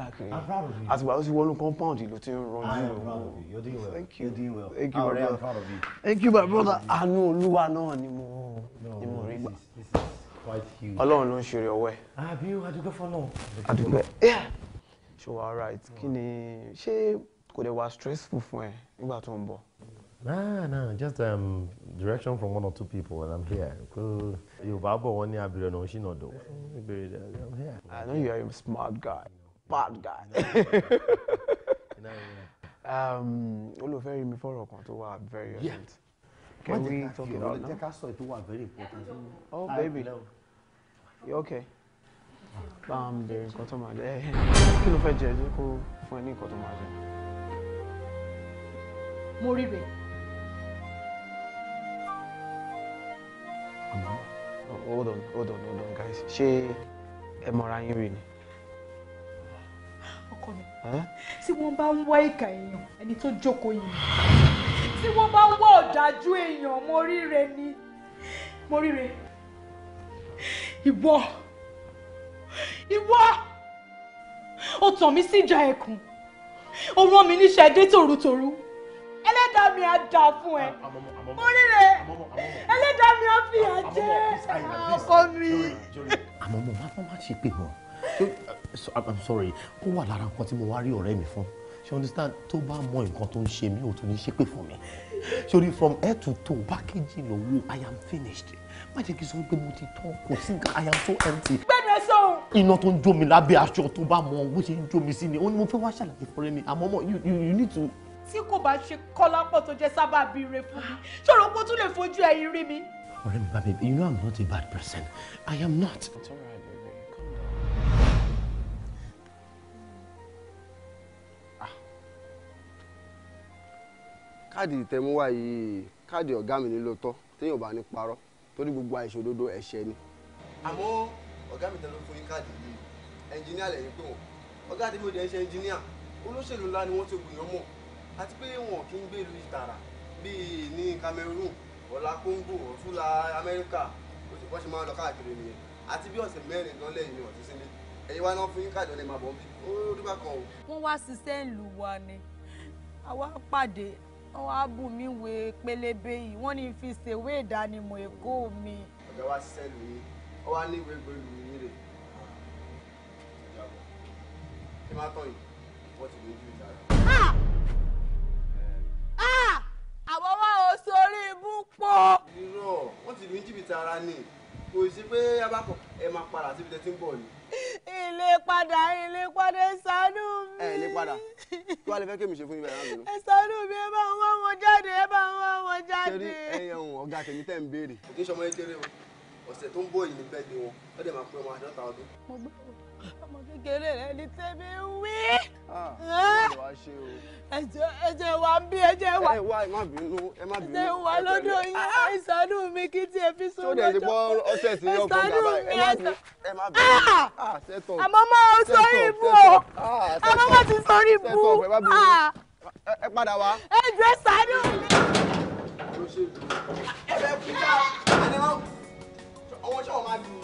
[SPEAKER 7] As káàkiri? Àtìgbà tó ti wọnú compound ló ti ń rọjú. I am proud of you. You're doing well. Thank you. You're doing well. Thank you, brother. I'm proud of you. Thank you, my brother. I know. No, Àánú Olúwa náà ni mo ni mo rí gbà. Ọlọ́run ló ń ṣeré ọwọ́ ẹ̀. Àbí
[SPEAKER 1] ah, adúgbò fọlọ́run. Adúgbò
[SPEAKER 7] ẹ̀. Ṣé wàá right? Kí ni ṣé kò dẹ̀ wá stressful fún ẹ nígbà tó ń bọ̀?
[SPEAKER 1] Nah, nah, just um, direction from one or two people, and I'm here. Yorùbá bọ̀ wọ́n ní abirẹ̀ náà ṣì náà I'm here. I know you are a smart guy, bad guy.
[SPEAKER 7] Um, olùfẹ́ rí mi fọ̀rọ̀ kan tó wà very urgent.
[SPEAKER 1] Can we talk about now? very important. Oh
[SPEAKER 7] baby, you okay? Bá there, bèrè nǹkan tó máa jẹ. Kí ló fẹ́ jẹ? hold on hold on hold on guys ṣé ẹ mọ̀ra yín rè ni.
[SPEAKER 2] ọkọ mi tí wọ́n bá ń wá ìkà èèyàn ẹni tó jókòó yìí tí wọ́n bá ń wá ọ̀dájú èèyàn mo ríre ni mo ríre ìwọ ìwọ
[SPEAKER 3] ó tàn mí síjà ẹkùn ó rán mi níṣẹ́ dé tòrutòru mi á dà fún ẹ mo ẹlẹ́dàá mi á fi hàn jẹ́ ọkọ mi.
[SPEAKER 1] àmọ́ mo máa má ṣe pé mọ́ i'm sorry ó wà lára nǹkan tí mo wá rí ọ̀rẹ́ mi fún ṣe understand tó bá mọ nǹkan tó ń ṣe mí ò tó ní ṣépè fún mi sori from head to toe package lọ́wọ́ i am finished má jẹ́ kí n sọ pé mo ti tán kò sí nǹkan i am so empty.
[SPEAKER 2] gbẹ́dẹ̀ sọ.
[SPEAKER 1] iná tó ń jó mi lábẹ́ aṣọ tó bá mọ bó ṣe ń jó mi sí ni ó ní mo fẹ́ wá ṣàlàyé fún ẹ mi àmọ́ mọ́ you need to
[SPEAKER 2] tí kò bá ṣe kọ́lápọ̀
[SPEAKER 3] tó jẹ́ sábàbí ire fún mi ṣòro pé ó tún lè fojú ẹyin rí mi.
[SPEAKER 5] ọ̀rẹ́ mi bàbá you know I'm not a bad
[SPEAKER 3] person I am not. It's all baby. Calm down. Ah.
[SPEAKER 6] káàdì ìtẹ̀múwá yìí káàdì ọ̀gá mi ní ló tọ́ téèyàn bá ní parọ́ torí gbogbo àìṣòdodo ẹ̀ṣẹ̀ ni. àmọ́ ọ̀gá mi tẹ́lẹ̀ fún yín káàdì yìí ẹnjìníà lẹ́yìn pé wọ́n ọ̀gá àti mi ò dẹ̀ ṣe ẹnjìníà olóṣèlú ńlá ni wọ́n ti gbìyànjú àti pé wọn kì í gbé ìlú ìtara bíi ní Cameroon ọ̀la Congo ọ̀túnla Amẹ́ríkà wọ́n ṣe máa lọ káàkiri nìyẹn àti bí ọ̀sẹ̀ mẹ́rin gan lẹ́yìn ọ̀tí sílé ẹ̀yin wa náà fún yín káàdọ̀ lè bí ó dúpà kan o.
[SPEAKER 2] wọ́n wá ṣiṣẹ́ ìlú wa ni àwa pàdé wọ́n wá bù mí wé pélébé yìí wọ́n ní fi ṣèwé ìdánimọ̀ èkó mi.
[SPEAKER 6] ọ̀gá wa ṣiṣẹ́ ìlú yín ọ wá ní ìwé gbèrú yín rè é. ẹ má tán yìí wọ́n ti lójú ìdára. tara ni kò sí pé abakọ̀ ẹ máa padà síbi tẹ́ ti ń bọ̀ ni.
[SPEAKER 3] ilé padà ilé padà ẹ mi. ẹ ilé padà
[SPEAKER 6] kí wàá lè fẹ́ kémi ṣe fún ibẹ̀ láàmú. ẹ
[SPEAKER 3] ṣàánú mi ẹ bá ń wá wọn jáde ẹ bá ń wá wọn jáde. ṣé ẹyẹ
[SPEAKER 6] ohun ọ̀gá tèmi tẹ̀ ń béèrè. kò kí n ṣọmọ kékeré o ọ̀sẹ̀ tó ń bọ̀ yìí ní bẹ́ẹ̀ ni wọn ó máa pẹ́ wọn àádọ́ta ọdún. mo
[SPEAKER 3] gbọ́dọ̀ ọmọ kékeré rẹ ni tẹ́mi wí. Ah. ẹjẹ wa ń bí ẹjẹ wa ẹ wá má bínú ẹ má bínú ẹjẹ wa lọ́dọ̀ yín ah, ìsànú mi kí tí ẹ fi sún lọ́jọ́ ah, ìsànú mi
[SPEAKER 6] ẹ má bínú àmọ́ mọ́ ọ sórí o àmọ́ mọ́ ti sórí ibú ẹ padà wá. ẹ jẹ́ mi. ẹ bẹ kúta ẹ ní wọn owó ṣọwọ́ máa dùn.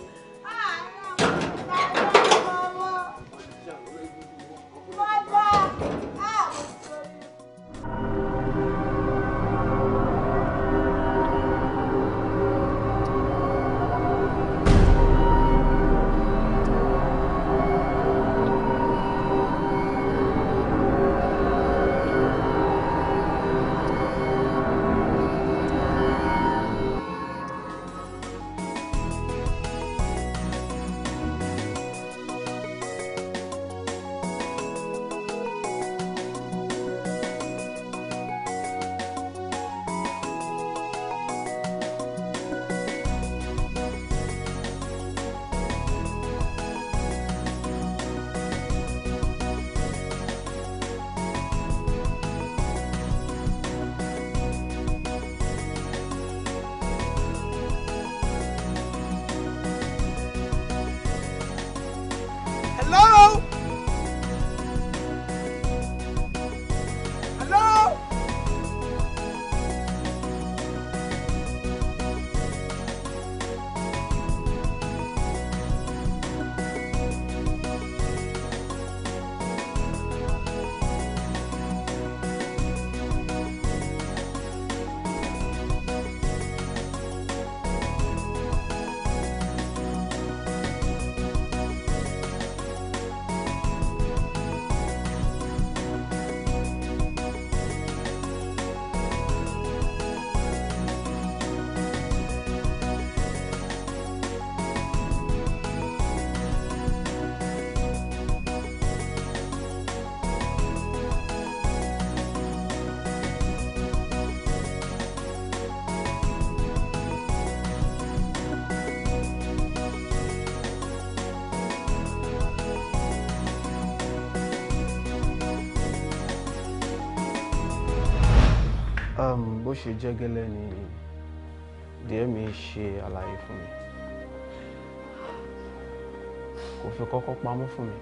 [SPEAKER 7] bó ṣe jẹ́ gẹ́lẹ́ ni díẹ̀ mi ṣe àlàyé fún mi kò fi kọ́kọ́ pamọ́ fún mi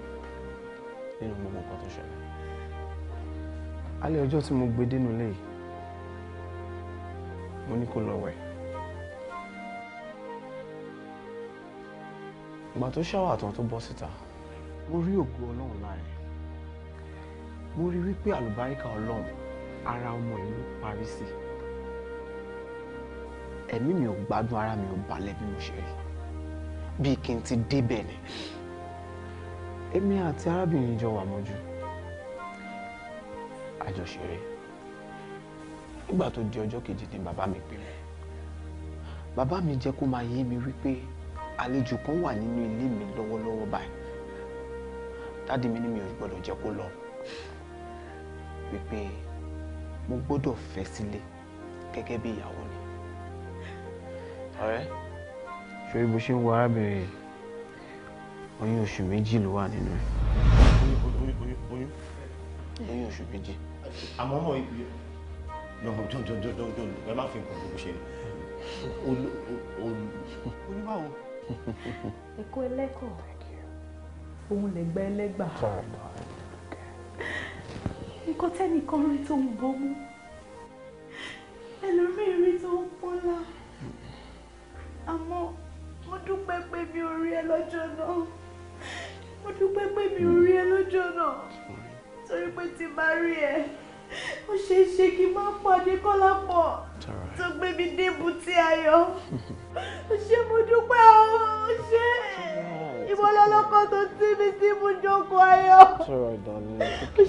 [SPEAKER 7] nínú gbogbo nǹkan tó ṣẹlẹ̀ alẹ́ ọjọ́ tí mo gbé dénú lé yìí mo ní kó lọ wẹ̀ ìgbà tó ṣáwà tán tó bọ́ síta mo rí ògo ọlọ́run láàrin mo rí wípé àlùbáríkà ọlọ́run ara ọmọ ìlú parí sí i ẹ̀mí mi ò gbádùn ara mi ò balẹ̀ bí mo ṣe rí bíi kí n ti débẹ̀ ni èmi àti arábìnrin jọ wà mọ́jú àjọṣeré nígbà tó di ọjọ́ kejì ni bàbá mi pè mí bàbá mi jẹ́ kó máa yé mi wípé àlejò kan wà nínú ilé mi lọ́wọ́lọ́wọ́ báyìí dádì mi ni mi ò gbọ́dọ̀ jẹ́ kó lọ wípé mo gbọ́dọ̀ fẹ́ sílé gẹ́gẹ́ bí ìyàwó ni ọ̀rẹ́ ṣorí bó ṣe ń wo arábìnrin yìí oyún oṣù méjì ló wà nínú ẹ̀.
[SPEAKER 5] oyún oyún oṣù méjì. àmọ́ ọmọ ibi yọ̀mọ̀ jọ̀jọ̀jọ̀jọ̀ ẹ má fi nǹkan gbogbo ṣe ni. oníbàwò.
[SPEAKER 2] ẹ̀kọ́ ẹlẹ́kọ̀ọ́
[SPEAKER 1] òun lè gba ẹlẹ́gbà.
[SPEAKER 2] nǹkan tẹ́nìkan rí tó ń bọ́ mú.
[SPEAKER 3] lọ́jọ́ náà mo dúpẹ́ pé mi ò rí ẹ lọ́jọ́ náà torí pé tí bá rí ẹ ó ṣe é ṣe kí n má pàdé Kọ́lápọ̀ tó gbé mi dé bùtí ayọ̀ ó ṣe mo dúpẹ́ o ó ṣe ìwọ lọ́lọ́kọ́ tó tí mi tí mo jókòó ayọ̀ ó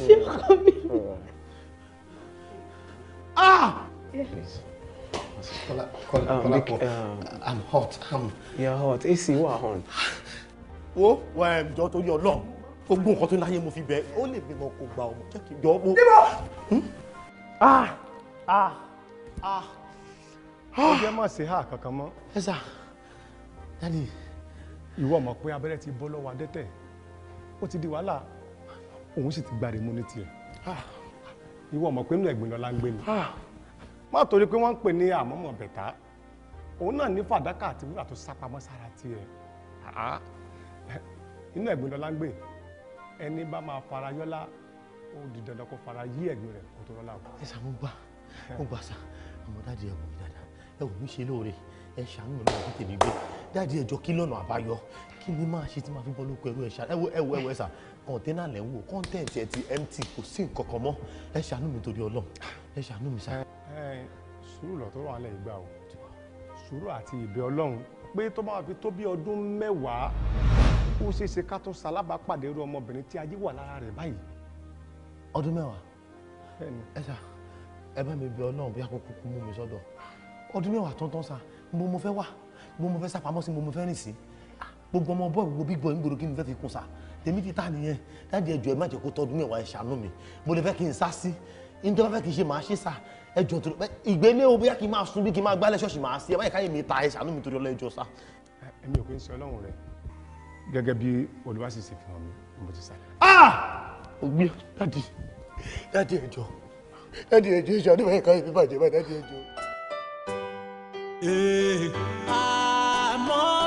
[SPEAKER 3] ṣe kọ́ mi. ah.
[SPEAKER 1] Yeah.
[SPEAKER 7] Kola, Kola, um, Kola, Kola. Ah. Um, I'm hot. I'm... You're hot.
[SPEAKER 1] AC, you are hot. Wo, wo ẹ̀ jọ torí Ọlọ́run. Gbogbo nǹkan tó láyé mo fi bẹ̀.
[SPEAKER 8] Ó lè bímọ kò gba ọmọ. Jẹ́ kí n jọ mo. Bímọ! Hmm? Ah!
[SPEAKER 1] ah!
[SPEAKER 3] Ah!
[SPEAKER 8] Ah! Ó jẹ́ má ṣe hà kankan mọ́. Ẹ sà, Dádì. Ìwọ mọ̀ pé abẹ́rẹ́ ti bọ́ lọ́wọ́ adẹ́tẹ̀. Ó ti di wàhálà. Òun sì ti gbàdé mú ní tiẹ̀. Ìwọ mọ̀ pé inú ẹ̀gbìn lọ́la ń gbé ni má torí pé wọ́n ń pè ní àmọ́mọ́ bẹ̀tá òun náà ní fàdákà àti wúrà tó sá pamọ́ sára tiẹ̀ inú ẹ̀gbìn lọ́la ń gbìn ẹni bá máa fara yọ́lá ó di dandan kó fara yí ẹ̀gbìn rẹ̀ kó tó lọ́la o. ẹ sàmú gbà mo
[SPEAKER 1] gbà sá ọmọ dáàdi ẹ wò mí dáadáa ẹ wò mí ṣe lóore ẹ ṣàánú mi lọ́wọ́ tètè gbé dáàdi ẹjọ́ kí lọ́nà àbáyọ kí ni máa ṣe tí máa fi bọ́ lóko ẹrú ẹ ṣá ẹ wò ẹ wò ẹ wò ẹ sà kọ̀ǹténà lẹ́ ń wò
[SPEAKER 8] kọ́ńtẹ̀ǹtì ẹ ti mt kò sí nǹkan kan mọ́ ẹ ṣàánú mi torí Ọlọ́run ẹ ṣàánú mi sá sùúrù lọ tó wà nílẹ̀ ìgbà o sùúrù àti ìbẹ̀ ọlọ́run pé tó bá wà fi tó bí ọdún mẹ́wàá ó ṣeé ṣe ká tún ṣalábàápàdé irú ọmọbìnrin tí ayé wà lára rẹ̀ báyìí.
[SPEAKER 1] ọdún mẹ́wàá ẹ sà ẹ bá mi bẹ̀ ọlọ́run bí akókó kú mú mi sọ́dọ̀ ọdún mẹ́wàá tọ́ntọ́n sa mo mo fẹ́ wà mo mo fẹ́ sápamọ́ sí mo mo fẹ́ rìn sí gbogbo ọmọ bọ́ọ̀ gbogbo bíbọ̀ nígboro kí n fẹ́ fi kún sa tèmi ti ta nìyẹn dáàdi ẹjọ́ ẹ má jẹ́ kó tọ́dún mẹ́wàá ẹ ṣàánú mi mo lè fẹ́ kí n sá sí ní tó bá fẹ́ kí n ṣe màá ṣe sá ẹjọ tó ìgbélé o bóyá kí n máa sun bí kí n máa gbálẹ̀ ṣọ́ọ̀ṣì máa sí ẹ báyìí káyè mi ta ẹ ṣàánú torí ọlọ sá.
[SPEAKER 8] èmi ò kí ń ṣe ọlọ́run rẹ gẹ́gẹ́ bí olùwàṣìṣe fi hàn mí mo ti sáré. ah ògbé dáàdì dáàdì ẹjọ dáàdì ẹjọ ẹjọ àdébà yìí káyè mi dáàdì ẹjọ.